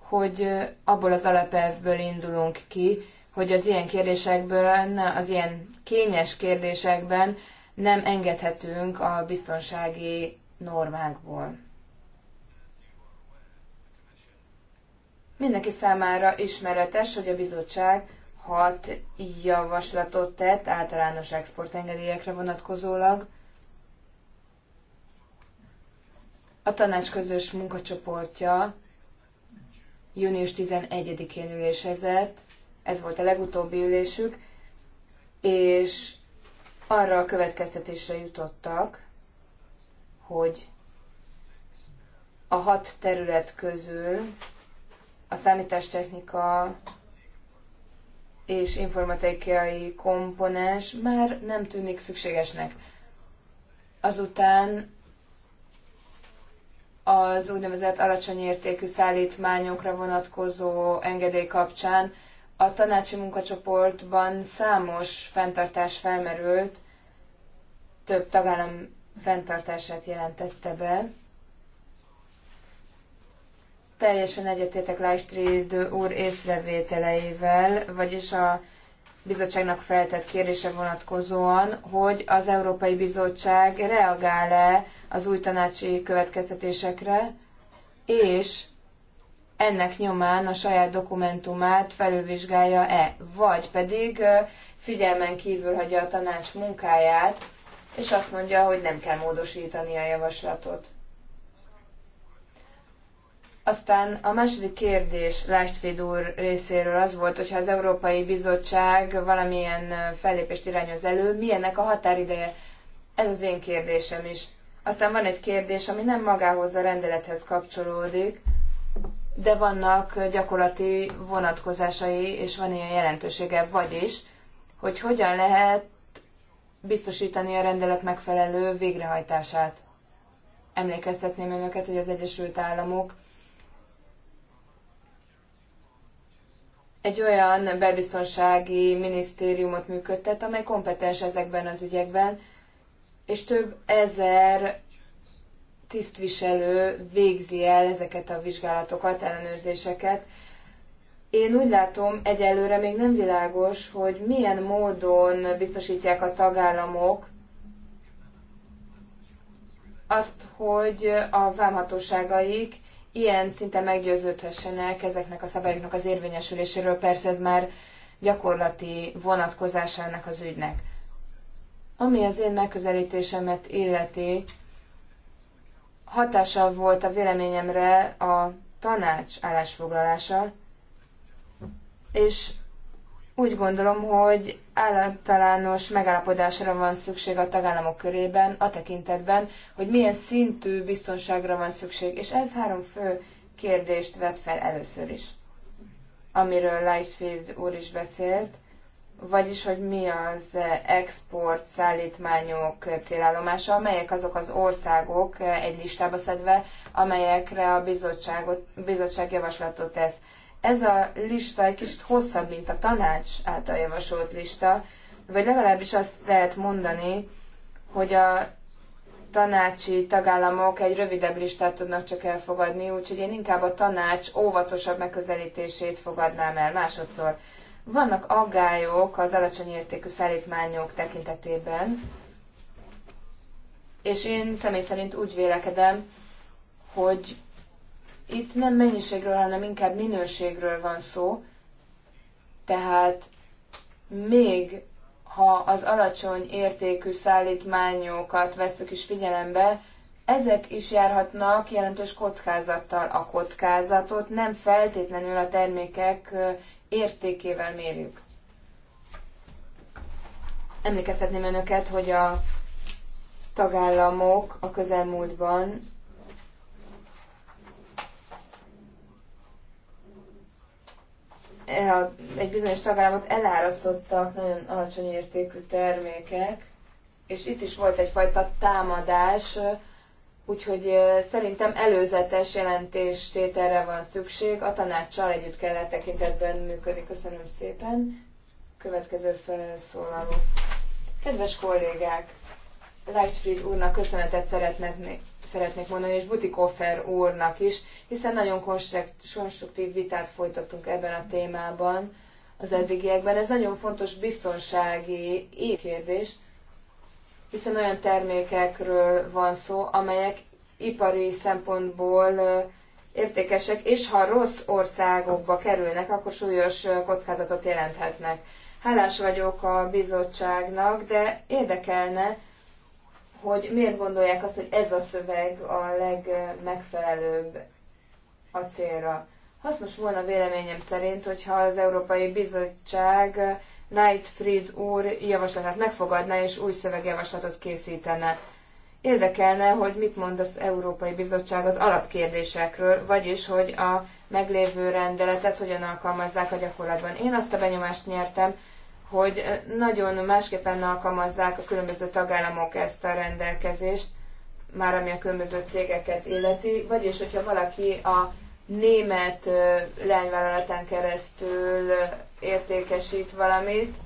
hogy abból az alapelvből indulunk ki, hogy az ilyen kérdésekben, az ilyen kényes kérdésekben nem engedhetünk a biztonsági normákból. Mindenki számára ismeretes, hogy a bizottság hat javaslatot tett általános exportengedélyekre vonatkozólag. A tanács közös munkacsoportja június 11-én ülésezett, ez volt a legutóbbi ülésük, és arra a következtetésre jutottak, hogy a hat terület közül a számítástechnika és informatikai komponens már nem tűnik szükségesnek. Azután az úgynevezett alacsony értékű szállítmányokra vonatkozó engedély kapcsán a tanácsi munkacsoportban számos fenntartás felmerült, több tagállam fenntartását jelentette be. Teljesen egyetértek Leistrid úr észrevételeivel, vagyis a bizottságnak feltett kérése vonatkozóan, hogy az Európai Bizottság reagál-e az új tanácsi következtetésekre, és ennek nyomán a saját dokumentumát felülvizsgálja-e, vagy pedig figyelmen kívül hagyja a tanács munkáját, és azt mondja, hogy nem kell módosítani a javaslatot. Aztán a második kérdés Leichtfried úr részéről az volt, hogyha az Európai Bizottság valamilyen fellépést irányoz elő, milyennek a határideje? Ez az én kérdésem is. Aztán van egy kérdés, ami nem magához a rendelethez kapcsolódik, de vannak gyakorlati vonatkozásai, és van ilyen jelentősége, vagyis, hogy hogyan lehet biztosítani a rendelet megfelelő végrehajtását. Emlékeztetném önöket, hogy az Egyesült Államok egy olyan belbiztonsági minisztériumot működtet, amely kompetens ezekben az ügyekben, és több ezer tisztviselő végzi el ezeket a vizsgálatokat, ellenőrzéseket. Én úgy látom, egyelőre még nem világos, hogy milyen módon biztosítják a tagállamok azt, hogy a vámhatóságaik ilyen szinten meggyőződhessenek ezeknek a szabályoknak az érvényesüléséről. Persze ez már gyakorlati vonatkozása ennek az ügynek. Ami az én megközelítésemet illeti, hatással volt a véleményemre a tanács állásfoglalása, és úgy gondolom, hogy általános megállapodásra van szükség a tagállamok körében, a tekintetben, hogy milyen szintű biztonságra van szükség. És ez három fő kérdést vet fel először is, amiről Leisfield úr is beszélt vagyis hogy mi az export szállítmányok célállomása, melyek azok az országok egy listába szedve, amelyekre a bizottságot, bizottság javaslatot tesz. Ez a lista egy kicsit hosszabb, mint a tanács által javasolt lista, vagy legalábbis azt lehet mondani, hogy a tanácsi tagállamok egy rövidebb listát tudnak csak elfogadni, úgyhogy én inkább a tanács óvatosabb megközelítését fogadnám el másodszor vannak aggályok az alacsony értékű szállítmányok tekintetében, és én személy szerint úgy vélekedem, hogy itt nem mennyiségről, hanem inkább minőségről van szó, tehát még ha az alacsony értékű szállítmányokat veszük is figyelembe, ezek is járhatnak jelentős kockázattal. A kockázatot nem feltétlenül a termékek értékével mérjük. Emlékeztetném önöket, hogy a tagállamok a közelmúltban e egy bizonyos tagállamot elárasztottak nagyon alacsony értékű termékek, és itt is volt egyfajta támadás Úgyhogy szerintem előzetes jelentéstételre van szükség, a tanácssal együtt kell e tekintetben működni. Köszönöm szépen. Következő felszólaló. Kedves kollégák, Leichtfried úrnak köszönetet szeretnék, szeretnék mondani, és Butikoffer úrnak is, hiszen nagyon konstruktív vitát folytattunk ebben a témában az eddigiekben. Ez nagyon fontos biztonsági kérdés, hiszen olyan termékekről van szó, amelyek ipari szempontból értékesek, és ha rossz országokba kerülnek, akkor súlyos kockázatot jelenthetnek. Hálás vagyok a bizottságnak, de érdekelne, hogy miért gondolják azt, hogy ez a szöveg a legmegfelelőbb a célra. Hasznos volna véleményem szerint, hogyha az Európai Bizottság Nightfried úr javaslatát megfogadná és új szövegjavaslatot készítene. Érdekelne, hogy mit mond az Európai Bizottság az alapkérdésekről, vagyis, hogy a meglévő rendeletet hogyan alkalmazzák a gyakorlatban. Én azt a benyomást nyertem, hogy nagyon másképpen alkalmazzák a különböző tagállamok ezt a rendelkezést, már ami a különböző cégeket illeti, vagyis hogyha valaki a német leányvállalatán keresztül értékesít valamit,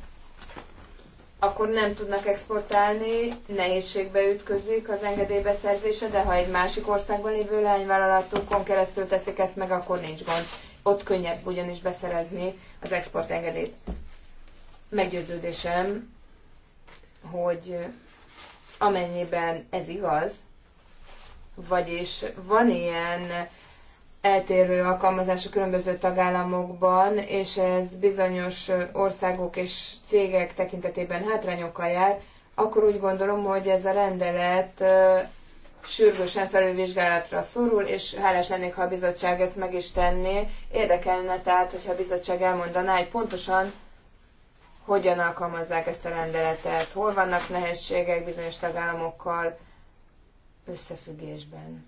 akkor nem tudnak exportálni, nehézségbe ütközik az engedélybeszerzése, de ha egy másik országban lévő lányvállalatukon keresztül teszik ezt meg, akkor nincs gond. Ott könnyebb ugyanis beszerezni az exportengedélyt. Meggyőződésem, hogy amennyiben ez igaz, vagyis van ilyen eltérő a különböző tagállamokban, és ez bizonyos országok és cégek tekintetében hátrányokkal jár, akkor úgy gondolom, hogy ez a rendelet sürgősen felülvizsgálatra szorul, és hálás lennék, ha a bizottság ezt meg is tenné. Érdekelne tehát, hogyha a bizottság elmondaná, hogy pontosan hogyan alkalmazzák ezt a rendeletet, hol vannak nehézségek bizonyos tagállamokkal összefüggésben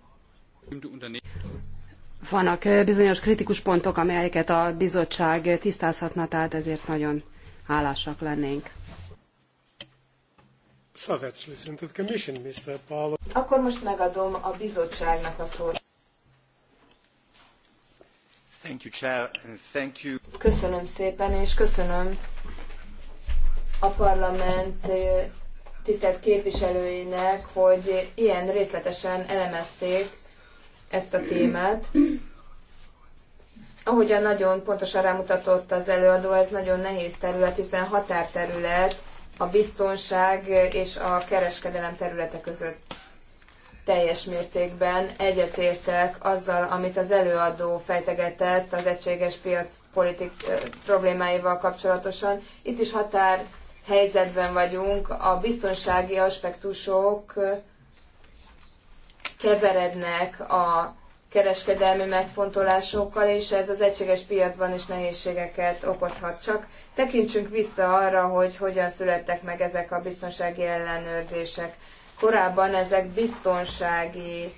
vannak bizonyos kritikus pontok, amelyeket a bizottság tisztázhatna, tehát ezért nagyon hálásak lennénk. Akkor most megadom a bizottságnak a szót. Köszönöm szépen, és köszönöm a parlament tisztelt képviselőinek, hogy ilyen részletesen elemezték ezt a témát. Ahogyan nagyon pontosan rámutatott az előadó, ez nagyon nehéz terület, hiszen határterület a biztonság és a kereskedelem területe között teljes mértékben egyetértek azzal, amit az előadó fejtegetett az egységes piac politik problémáival kapcsolatosan. Itt is határ helyzetben vagyunk, a biztonsági aspektusok keverednek a kereskedelmi megfontolásokkal, és ez az egységes piacban is nehézségeket okozhat. Csak tekintsünk vissza arra, hogy hogyan születtek meg ezek a biztonsági ellenőrzések. Korábban ezek biztonsági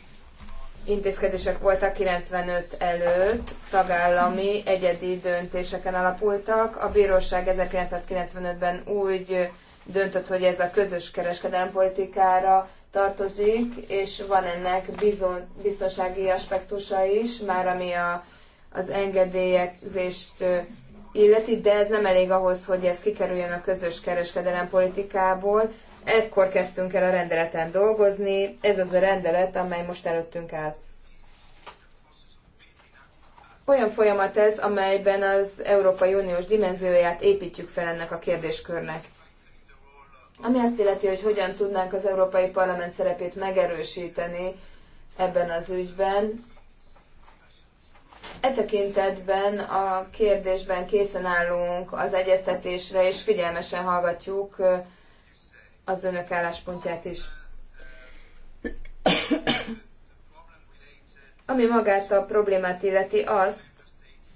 intézkedések voltak 95 előtt, tagállami egyedi döntéseken alapultak. A bíróság 1995-ben úgy döntött, hogy ez a közös kereskedelmi politikára tartozik, és van ennek bizon, biztonsági aspektusa is, már ami a, az engedélyezést illeti, de ez nem elég ahhoz, hogy ez kikerüljön a közös kereskedelem politikából. Ekkor kezdtünk el a rendeleten dolgozni, ez az a rendelet, amely most előttünk áll. Olyan folyamat ez, amelyben az Európai Uniós dimenzióját építjük fel ennek a kérdéskörnek. Ami azt illeti, hogy hogyan tudnánk az Európai Parlament szerepét megerősíteni ebben az ügyben, E tekintetben a kérdésben készen állunk az egyeztetésre, és figyelmesen hallgatjuk az önök álláspontját is. Ami magát a problémát illeti azt,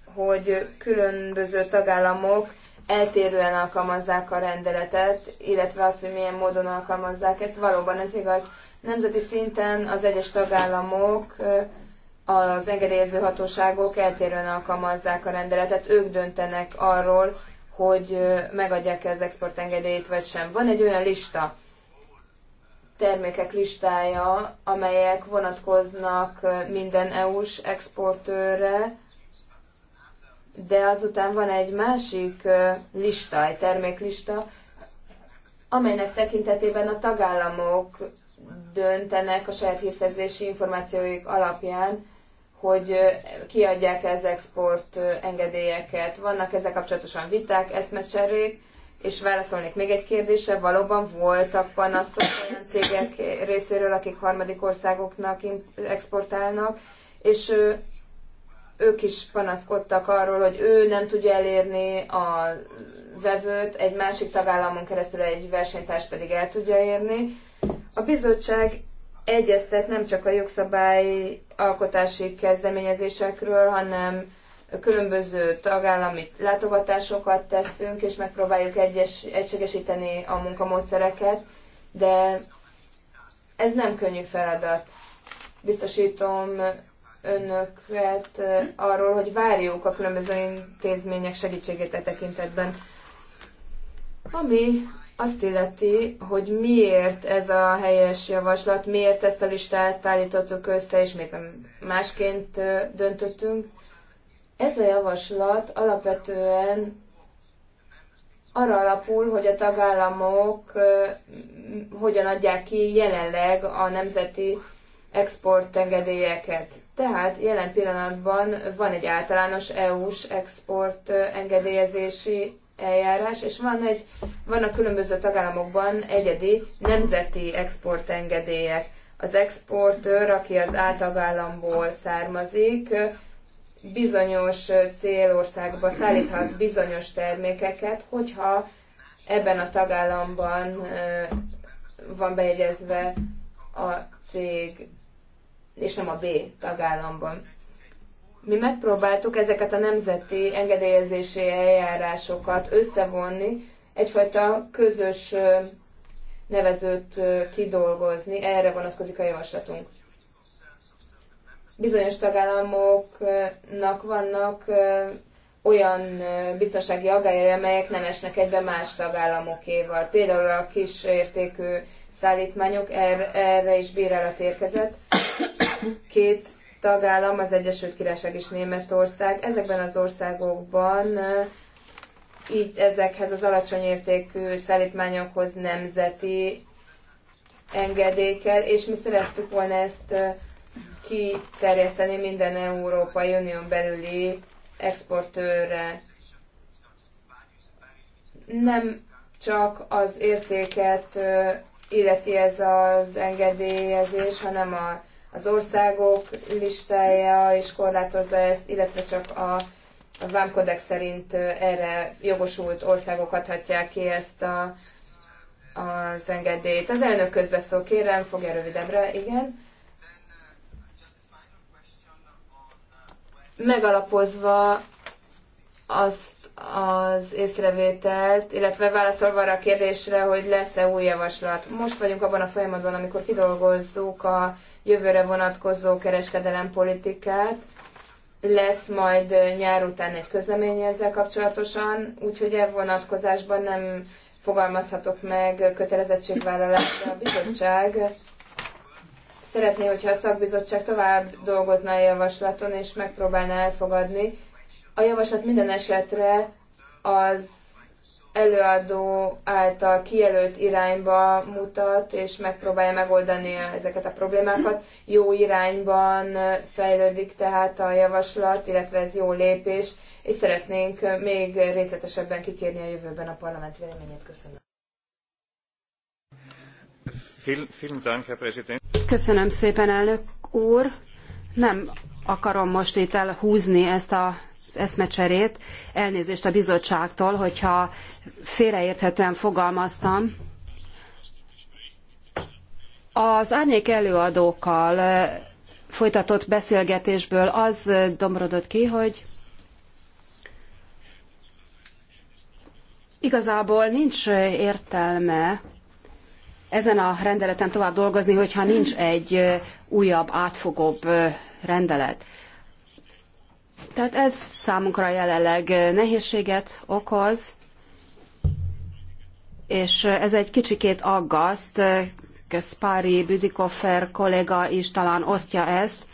hogy különböző tagállamok eltérően alkalmazzák a rendeletet, illetve azt, hogy milyen módon alkalmazzák ezt. Valóban ez igaz. Nemzeti szinten az egyes tagállamok, az engedélyező hatóságok eltérően alkalmazzák a rendeletet, ők döntenek arról, hogy megadják-e az exportengedélyt vagy sem. Van egy olyan lista, termékek listája, amelyek vonatkoznak minden EU-s exportőrre, de azután van egy másik lista, egy terméklista, amelynek tekintetében a tagállamok döntenek a saját hírszerzési információik alapján, hogy kiadják -e az export engedélyeket. Vannak ezzel kapcsolatosan viták, eszmecserék, és válaszolnék még egy kérdése valóban voltak panaszok olyan cégek részéről, akik harmadik országoknak exportálnak, és ők is panaszkodtak arról, hogy ő nem tudja elérni a vevőt, egy másik tagállamon keresztül egy versenytárs pedig el tudja érni. A bizottság egyeztet nem csak a jogszabály alkotási kezdeményezésekről, hanem különböző tagállami látogatásokat teszünk, és megpróbáljuk egyes, egységesíteni a munkamódszereket, de ez nem könnyű feladat. Biztosítom önöket arról, hogy várjuk a különböző intézmények segítségét e tekintetben. Ami azt illeti, hogy miért ez a helyes javaslat, miért ezt a listát állítottuk össze, és miért nem másként döntöttünk. Ez a javaslat alapvetően arra alapul, hogy a tagállamok hogyan adják ki jelenleg a nemzeti exportengedélyeket. Tehát jelen pillanatban van egy általános EU-s export engedélyezési eljárás, és van egy, vannak különböző tagállamokban egyedi nemzeti exportengedélyek. Az exportőr, aki az áltagállamból származik, bizonyos célországba szállíthat bizonyos termékeket, hogyha ebben a tagállamban van bejegyezve a cég és nem a B tagállamban. Mi megpróbáltuk ezeket a nemzeti engedélyezési eljárásokat összevonni, egyfajta közös nevezőt kidolgozni, erre vonatkozik a javaslatunk. Bizonyos tagállamoknak vannak olyan biztonsági agályai, amelyek nem esnek egybe más tagállamokéval. Például a kisértékű szállítmányok, er-, erre is bírálat érkezett két tagállam, az Egyesült Királyság és Németország. Ezekben az országokban így ezekhez az alacsony értékű szállítmányokhoz nemzeti engedély kell, és mi szerettük volna ezt kiterjeszteni minden Európai Unión belüli exportőrre. Nem csak az értéket illeti ez az engedélyezés, hanem a az országok listája is korlátozza ezt, illetve csak a a vámkodex szerint erre jogosult országok adhatják ki ezt a, az engedélyt. Az elnök közbeszól, kérem, fogja rövidebbre, igen. Megalapozva azt az észrevételt, illetve válaszolva arra a kérdésre, hogy lesz-e új javaslat. Most vagyunk abban a folyamatban, amikor kidolgozzuk a jövőre vonatkozó kereskedelempolitikát. Lesz majd nyár után egy közlemény ezzel kapcsolatosan, úgyhogy e vonatkozásban nem fogalmazhatok meg kötelezettségvállalást a bizottság. Szeretné, hogyha a szakbizottság tovább dolgozna a javaslaton és megpróbálná elfogadni. A javaslat minden esetre az előadó által kijelölt irányba mutat, és megpróbálja megoldani ezeket a problémákat. Jó irányban fejlődik tehát a javaslat, illetve ez jó lépés, és szeretnénk még részletesebben kikérni a jövőben a parlament véleményét. Köszönöm. Köszönöm szépen, elnök úr. Nem akarom most itt elhúzni ezt a az eszmecserét. Elnézést a bizottságtól, hogyha félreérthetően fogalmaztam. Az árnyék előadókkal folytatott beszélgetésből az domorodott ki, hogy igazából nincs értelme ezen a rendeleten tovább dolgozni, hogyha nincs egy újabb, átfogóbb rendelet. Tehát ez számunkra jelenleg nehézséget okoz, és ez egy kicsikét aggaszt, Kaspari Büdikofer kolléga is talán osztja ezt.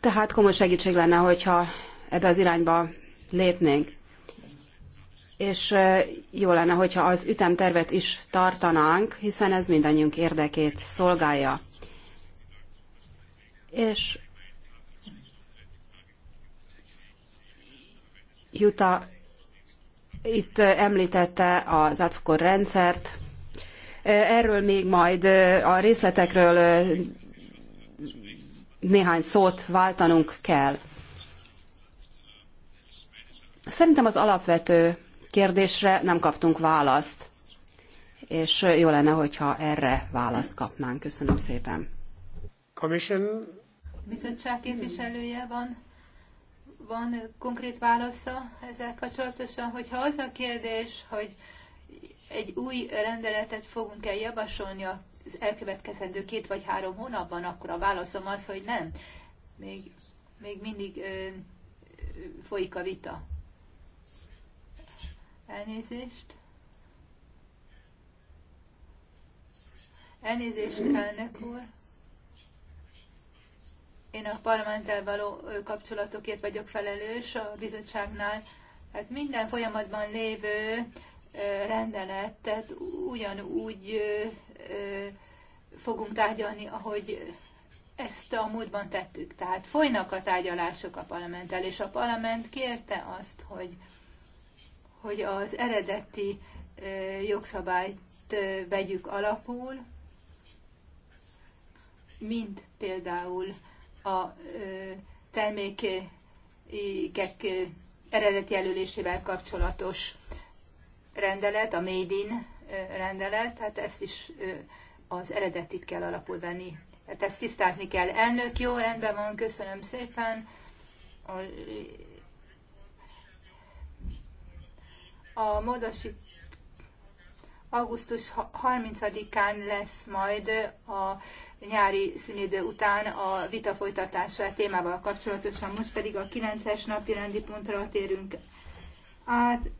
Tehát komoly segítség lenne, hogyha ebbe az irányba lépnénk. És jó lenne, hogyha az ütemtervet is tartanánk, hiszen ez mindannyiunk érdekét szolgálja. És Juta itt említette az átfogó rendszert. Erről még majd a részletekről néhány szót váltanunk kell. Szerintem az alapvető kérdésre nem kaptunk választ, és jó lenne, hogyha erre választ kapnánk. Köszönöm szépen. Commission, bizottság hmm. képviselője van, van konkrét válasza ezzel kapcsolatosan, hogyha az a kérdés, hogy egy új rendeletet fogunk-e javasolni az elkövetkezendő két vagy három hónapban, akkor a válaszom az, hogy nem. Még, még mindig ö, folyik a vita. Elnézést. Elnézést, elnök úr én a parlamenttel való kapcsolatokért vagyok felelős a bizottságnál. Hát minden folyamatban lévő rendeletet ugyanúgy fogunk tárgyalni, ahogy ezt a múltban tettük. Tehát folynak a tárgyalások a parlamenttel, és a parlament kérte azt, hogy, hogy az eredeti jogszabályt vegyük alapul, mint például a termékek eredetjelölésével kapcsolatos rendelet, a Made in rendelet, tehát ezt is az eredetit kell alapul venni. Tehát ezt tisztázni kell. Elnök, jó, rendben van, köszönöm szépen. A, a módosi augusztus 30-án lesz majd a nyári szünidő után a vita folytatása témával kapcsolatosan. Most pedig a 9-es napi rendi pontra térünk át.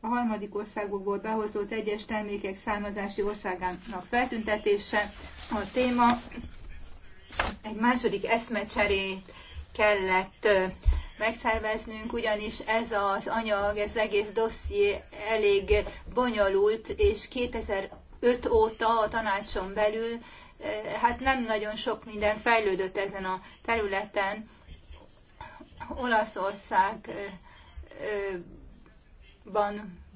A harmadik országokból behozott egyes termékek származási országának feltüntetése a téma. Egy második eszmecserét kellett megszerveznünk, ugyanis ez az anyag, ez egész dosszié elég bonyolult, és 2005 óta a tanácson belül hát nem nagyon sok minden fejlődött ezen a területen. Olaszországban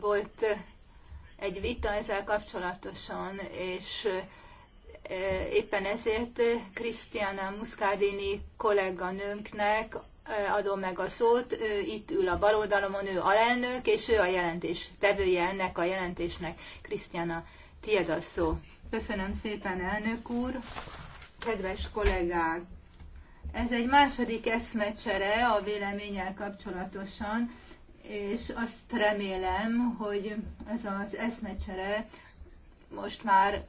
volt egy vita ezzel kapcsolatosan, és éppen ezért Krisztiana Muscardini kolléganőnknek adom meg a szót, ő itt ül a bal oldalon ő alelnök, és ő a jelentés tevője ennek a jelentésnek. Krisztiana, tiéd a szó. Köszönöm szépen, elnök úr! Kedves kollégák! Ez egy második eszmecsere a véleménnyel kapcsolatosan, és azt remélem, hogy ez az eszmecsere most már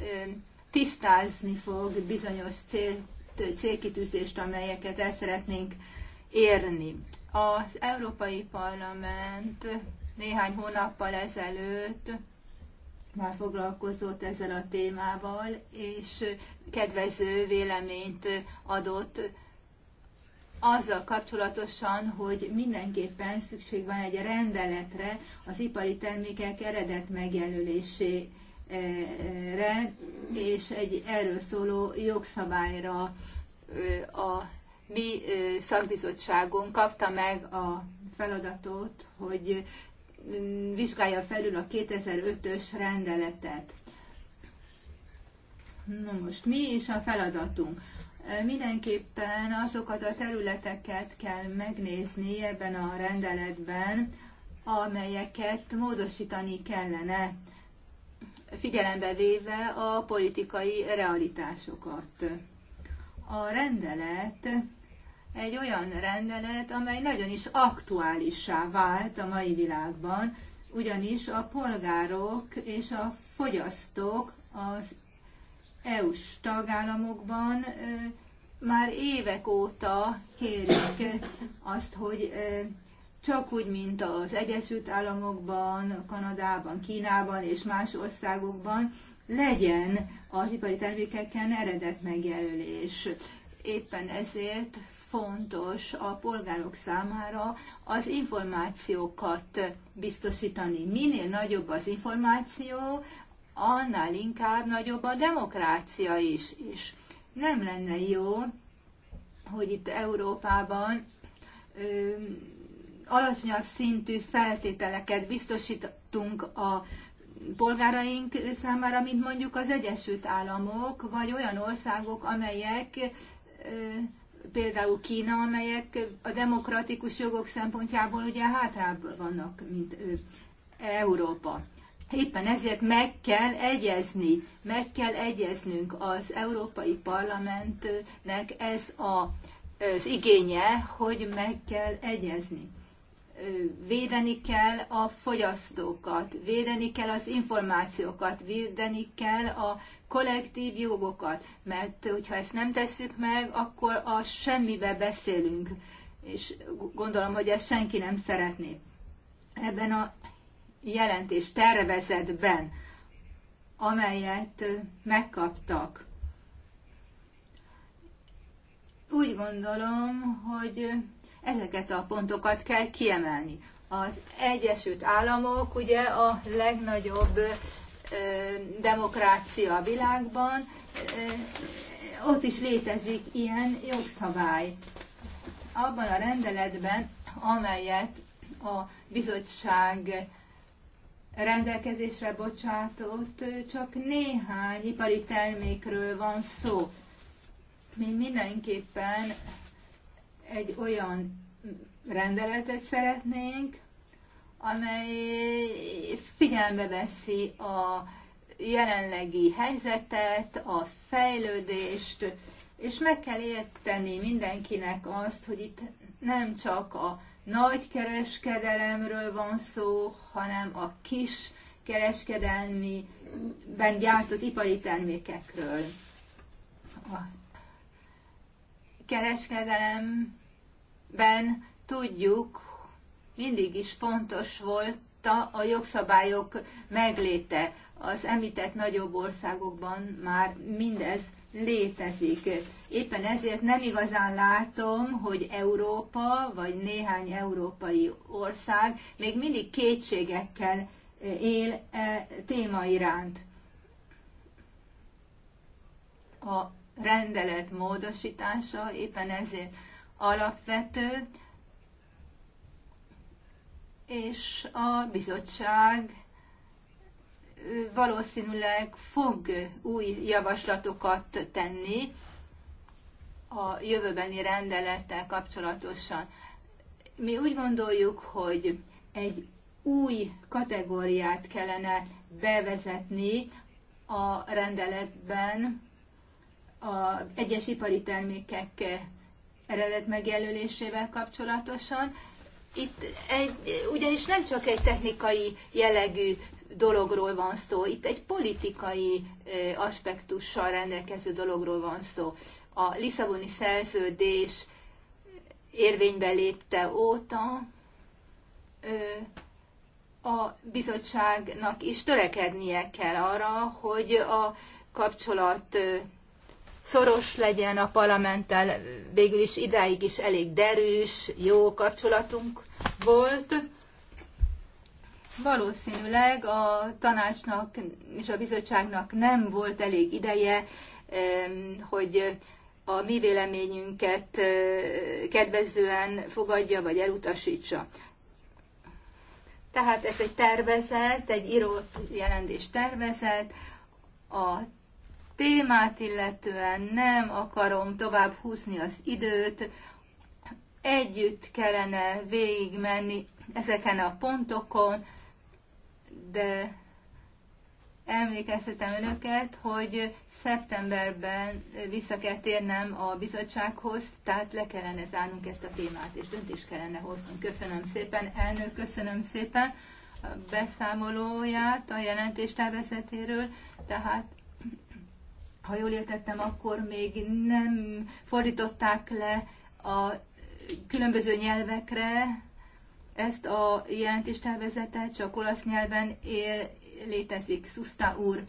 tisztázni fog bizonyos cél, célkitűzést, amelyeket el szeretnénk érni. Az Európai Parlament néhány hónappal ezelőtt már foglalkozott ezzel a témával, és kedvező véleményt adott azzal kapcsolatosan, hogy mindenképpen szükség van egy rendeletre az ipari termékek eredet megjelölésére, és egy erről szóló jogszabályra a mi szakbizottságon kapta meg a feladatot, hogy vizsgálja felül a 2005-ös rendeletet. Na most mi is a feladatunk? Mindenképpen azokat a területeket kell megnézni ebben a rendeletben, amelyeket módosítani kellene, figyelembe véve a politikai realitásokat. A rendelet egy olyan rendelet, amely nagyon is aktuálissá vált a mai világban, ugyanis a polgárok és a fogyasztók az EU-s tagállamokban már évek óta kérik azt, hogy csak úgy, mint az Egyesült Államokban, Kanadában, Kínában és más országokban legyen az ipari termékeken eredet megjelölés. Éppen ezért fontos a polgárok számára az információkat biztosítani. Minél nagyobb az információ, annál inkább nagyobb a demokrácia is. És nem lenne jó, hogy itt Európában ö, alacsonyabb szintű feltételeket biztosítunk a polgáraink számára, mint mondjuk az Egyesült Államok, vagy olyan országok, amelyek például Kína, amelyek a demokratikus jogok szempontjából ugye hátrább vannak, mint ő, Európa. Éppen ezért meg kell egyezni, meg kell egyeznünk az Európai Parlamentnek ez a, az igénye, hogy meg kell egyezni. Védeni kell a fogyasztókat, védeni kell az információkat, védeni kell a kollektív jogokat, mert hogyha ezt nem tesszük meg, akkor a semmibe beszélünk, és gondolom, hogy ezt senki nem szeretné. Ebben a jelentés tervezetben, amelyet megkaptak, úgy gondolom, hogy ezeket a pontokat kell kiemelni. Az Egyesült Államok ugye a legnagyobb demokrácia a világban, ott is létezik ilyen jogszabály. Abban a rendeletben, amelyet a bizottság rendelkezésre bocsátott, csak néhány ipari termékről van szó. Mi mindenképpen egy olyan rendeletet szeretnénk, amely figyelembe veszi a jelenlegi helyzetet, a fejlődést, és meg kell érteni mindenkinek azt, hogy itt nem csak a nagy kereskedelemről van szó, hanem a kis kereskedelmi gyártott ipari termékekről. A kereskedelemben tudjuk, mindig is fontos volt a jogszabályok megléte. Az említett nagyobb országokban már mindez létezik. Éppen ezért nem igazán látom, hogy Európa vagy néhány európai ország még mindig kétségekkel eh, él e téma iránt. A rendelet módosítása éppen ezért alapvető, és a bizottság valószínűleg fog új javaslatokat tenni a jövőbeni rendelettel kapcsolatosan. Mi úgy gondoljuk, hogy egy új kategóriát kellene bevezetni a rendeletben az egyes ipari termékek eredet megjelölésével kapcsolatosan, itt egy, ugyanis nem csak egy technikai jellegű dologról van szó, itt egy politikai aspektussal rendelkező dologról van szó. A Lisszaboni szerződés érvénybe lépte óta a bizottságnak is törekednie kell arra, hogy a kapcsolat szoros legyen a parlamenttel, végül is idáig is elég derűs, jó kapcsolatunk volt. Valószínűleg a tanácsnak és a bizottságnak nem volt elég ideje, hogy a mi véleményünket eh, kedvezően fogadja vagy elutasítsa. Tehát ez egy tervezet, egy írott jelentés tervezet, a témát illetően nem akarom tovább húzni az időt, együtt kellene végigmenni ezeken a pontokon, de emlékeztetem önöket, hogy szeptemberben vissza kell térnem a bizottsághoz, tehát le kellene zárnunk ezt a témát, és is kellene hoznunk. Köszönöm szépen, elnök, köszönöm szépen a beszámolóját a jelentés tehát ha jól értettem, akkor még nem fordították le a különböző nyelvekre ezt a jelentéstervezetet, csak olasz nyelven él, létezik. Szuszta úr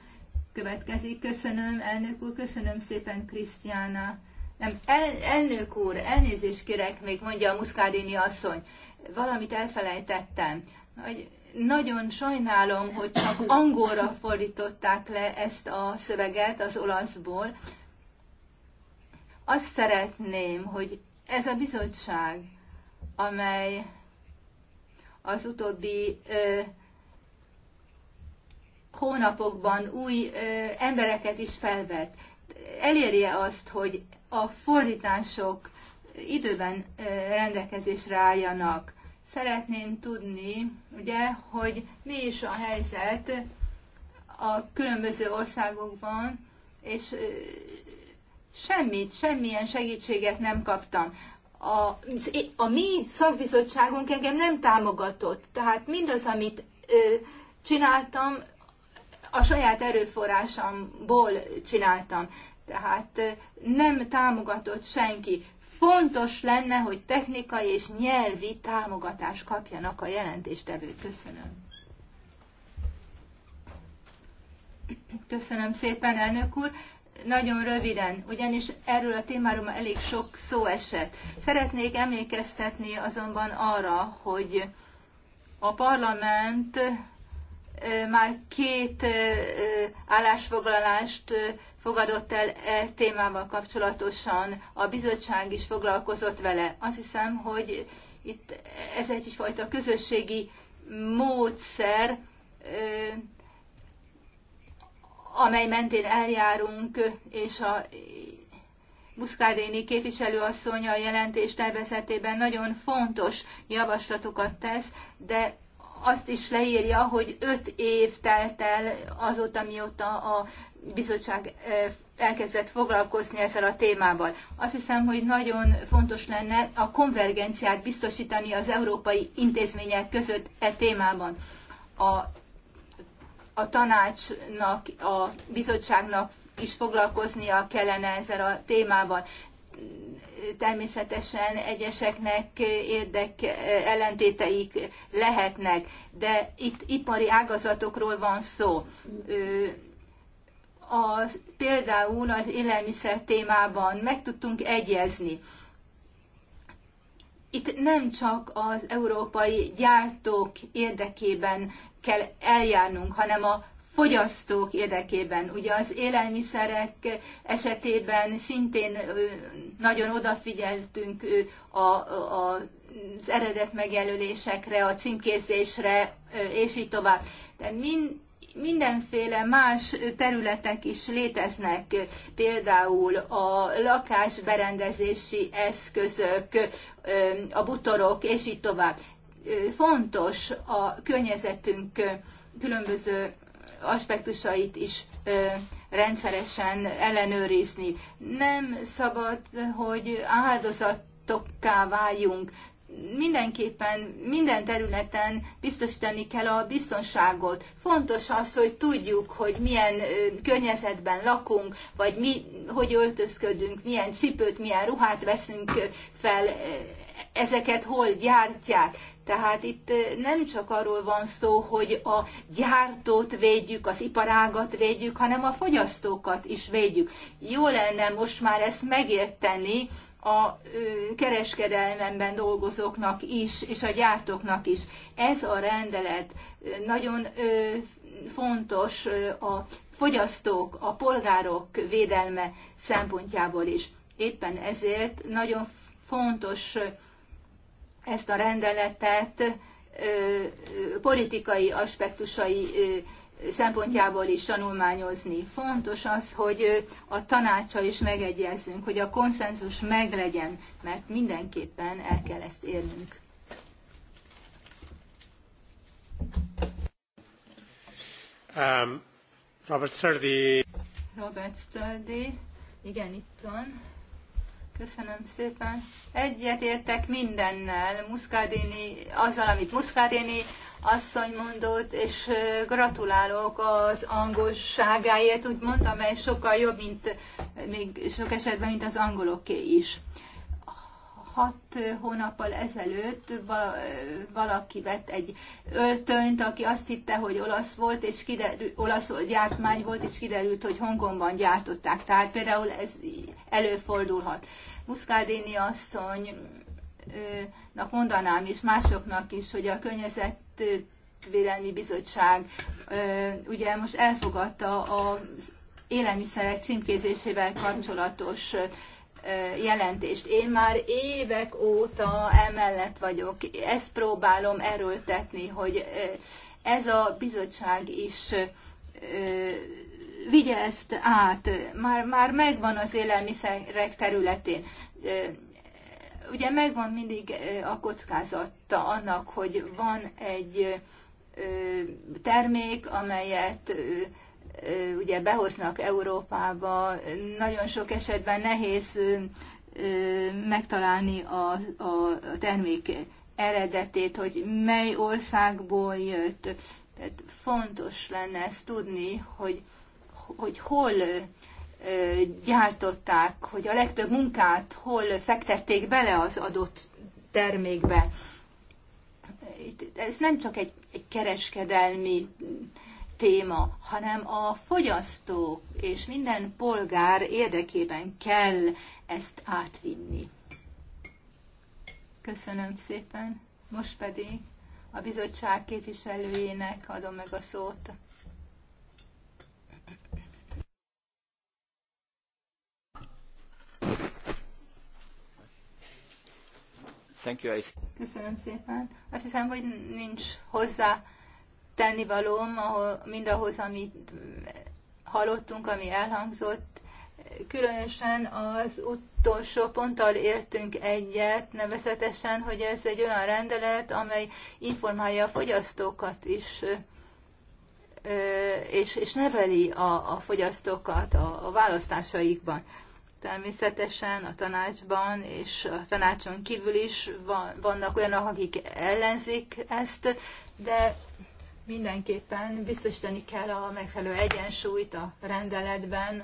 következik. Köszönöm, elnök úr, köszönöm szépen, Krisztiána. Nem, el, elnök úr, elnézést kérek, még mondja a muszkádéni asszony. Valamit elfelejtettem. Hogy nagyon sajnálom, hogy csak angolra fordították le ezt a szöveget az olaszból. Azt szeretném, hogy ez a bizottság, amely az utóbbi ö, hónapokban új ö, embereket is felvett, elérje azt, hogy a fordítások időben rendelkezésre álljanak. Szeretném tudni, ugye, hogy mi is a helyzet a különböző országokban, és semmit, semmilyen segítséget nem kaptam. A, a mi szakbizottságunk engem nem támogatott, tehát mindaz, amit ö, csináltam, a saját erőforrásamból csináltam. Tehát nem támogatott senki fontos lenne, hogy technikai és nyelvi támogatást kapjanak a jelentéstevők. Köszönöm. Köszönöm szépen, elnök úr. Nagyon röviden, ugyanis erről a témáról már elég sok szó esett. Szeretnék emlékeztetni azonban arra, hogy a parlament már két állásfoglalást fogadott el e témával kapcsolatosan, a bizottság is foglalkozott vele. Azt hiszem, hogy itt ez egyfajta közösségi módszer, amely mentén eljárunk, és a Buszkádéni képviselőasszony a jelentés tervezetében nagyon fontos javaslatokat tesz, de azt is leírja, hogy öt év telt el azóta, mióta a bizottság elkezdett foglalkozni ezzel a témával. Azt hiszem, hogy nagyon fontos lenne a konvergenciát biztosítani az európai intézmények között e témában. A, a tanácsnak, a bizottságnak is foglalkoznia kellene ezzel a témával természetesen egyeseknek érdek ellentéteik lehetnek, de itt ipari ágazatokról van szó. A például az élelmiszer témában meg tudtunk egyezni. Itt nem csak az európai gyártók érdekében kell eljárnunk, hanem a fogyasztók érdekében. Ugye az élelmiszerek esetében szintén nagyon odafigyeltünk a, a, az eredet megjelölésekre, a címkézésre, és így tovább. De mind, mindenféle más területek is léteznek, például a lakásberendezési eszközök, a butorok, és így tovább. Fontos a környezetünk különböző aspektusait is rendszeresen ellenőrizni. Nem szabad, hogy áldozatokká váljunk. Mindenképpen minden területen biztosítani kell a biztonságot. Fontos az, hogy tudjuk, hogy milyen környezetben lakunk, vagy mi, hogy öltözködünk, milyen cipőt, milyen ruhát veszünk fel, ezeket hol gyártják. Tehát itt eh, nem csak arról van szó, hogy a gyártót védjük, az iparágat védjük, hanem a fogyasztókat is védjük. Jó lenne most már ezt megérteni a kereskedelmemben dolgozóknak is, és a gyártóknak is. Ez a rendelet eh, nagyon fontos eh, a fogyasztók, a polgárok védelme szempontjából is. Éppen ezért nagyon fontos ezt a rendeletet politikai aspektusai szempontjából is tanulmányozni. Fontos az, hogy a tanácsa is megegyezzünk, hogy a konszenzus meglegyen, mert mindenképpen el kell ezt érnünk. Um, Robert Sturdy. Robert Sturdy. Igen, itt van. Köszönöm szépen. értek mindennel, Muszkádéni, azzal, amit Muszkádéni asszony mondott, és gratulálok az angolságáért, úgymond, amely sokkal jobb, mint még sok esetben, mint az angoloké is hat hónappal ezelőtt valaki vett egy öltönyt, aki azt hitte, hogy olasz volt, és kiderült olasz gyártmány volt, és kiderült, hogy Hongkongban gyártották. Tehát például ez előfordulhat. Muszkádéni asszonynak mondanám, és másoknak is, hogy a környezetvédelmi Bizottság ugye most elfogadta az élelmiszerek címkézésével kapcsolatos jelentést. Én már évek óta emellett vagyok. Ezt próbálom erőltetni, hogy ez a bizottság is vigye ezt át. Már, már megvan az élelmiszerek területén. Ugye megvan mindig a kockázata annak, hogy van egy termék, amelyet ugye behoznak Európába, nagyon sok esetben nehéz megtalálni a, a termék eredetét, hogy mely országból jött. Tehát fontos lenne ezt tudni, hogy, hogy hol gyártották, hogy a legtöbb munkát hol fektették bele az adott termékbe. Ez nem csak egy, egy kereskedelmi téma, hanem a fogyasztó és minden polgár érdekében kell ezt átvinni. Köszönöm szépen. Most pedig a bizottság képviselőjének adom meg a szót. Thank you. Köszönöm szépen. Azt hiszem, hogy nincs hozzá tennivalóm, ahol, mindahhoz, amit hallottunk, ami elhangzott. Különösen az utolsó ponttal értünk egyet, nevezetesen, hogy ez egy olyan rendelet, amely informálja a fogyasztókat is, és, és neveli a, a fogyasztókat a, a választásaikban. Természetesen a tanácsban és a tanácson kívül is van, vannak olyanok, akik ellenzik ezt, de mindenképpen biztosítani kell a megfelelő egyensúlyt a rendeletben,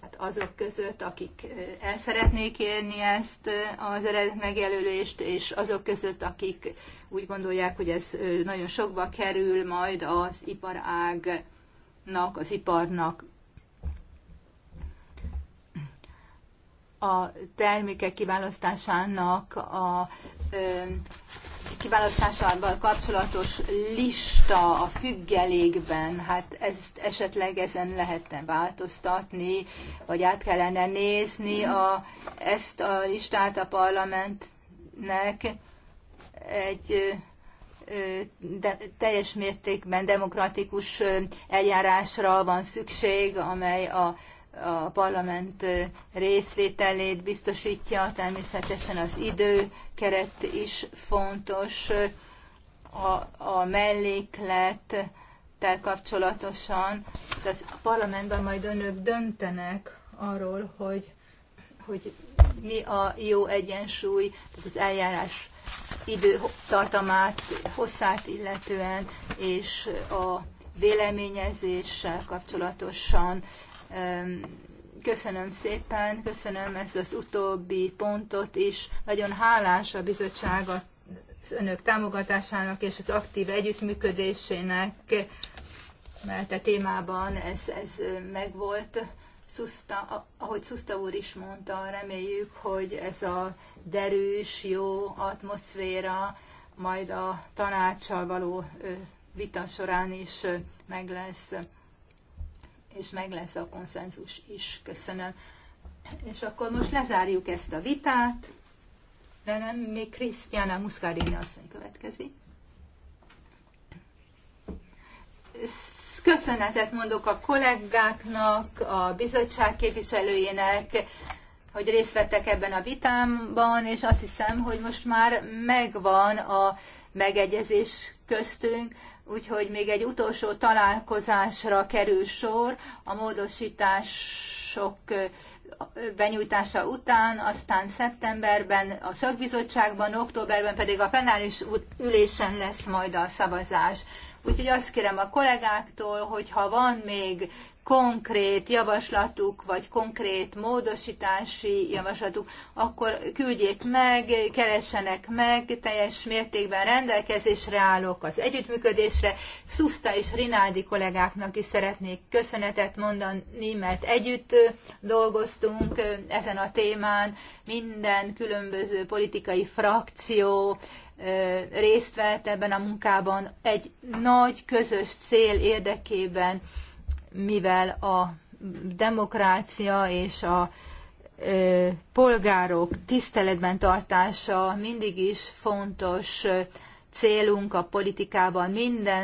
tehát azok között, akik eh, el szeretnék érni ezt eh, az eredet megjelölést, és azok között, akik úgy gondolják, hogy ez eh, nagyon sokba kerül majd az iparágnak, az iparnak. A termékek kiválasztásának a kiválasztásával kapcsolatos lista a függelékben, hát ezt esetleg ezen lehetne változtatni, vagy át kellene nézni a, ezt a listát a parlamentnek egy de, teljes mértékben demokratikus eljárásra van szükség, amely a a parlament részvételét biztosítja, természetesen az időkeret is fontos, a, a melléklettel kapcsolatosan. a parlamentben majd önök döntenek arról, hogy, hogy mi a jó egyensúly, tehát az eljárás időtartamát, hosszát illetően, és a véleményezéssel kapcsolatosan Köszönöm szépen, köszönöm ezt az utóbbi pontot is. Nagyon hálás a bizottság az önök támogatásának és az aktív együttműködésének, mert a e témában ez, ez megvolt. Szuszta, ahogy Szuszta úr is mondta, reméljük, hogy ez a derűs, jó atmoszféra majd a tanácssal való vita során is meg lesz és meg lesz a konszenzus is. Köszönöm. És akkor most lezárjuk ezt a vitát, de nem, még Krisztiána Muscarini asszony következik. Köszönetet mondok a kollégáknak, a bizottság képviselőjének, hogy részt vettek ebben a vitámban, és azt hiszem, hogy most már megvan a megegyezés köztünk, úgyhogy még egy utolsó találkozásra kerül sor a módosítások benyújtása után, aztán szeptemberben a szakbizottságban, októberben pedig a plenáris ülésen lesz majd a szavazás. Úgyhogy azt kérem a kollégáktól, hogy ha van még konkrét javaslatuk, vagy konkrét módosítási javaslatuk, akkor küldjék meg, keressenek meg, teljes mértékben rendelkezésre állok az együttműködésre. Szuszta és Rinádi kollégáknak is szeretnék köszönetet mondani, mert együtt dolgoztunk ezen a témán, minden különböző politikai frakció, részt vett ebben a munkában egy nagy közös cél érdekében mivel a demokrácia és a polgárok tiszteletben tartása mindig is fontos célunk a politikában, minden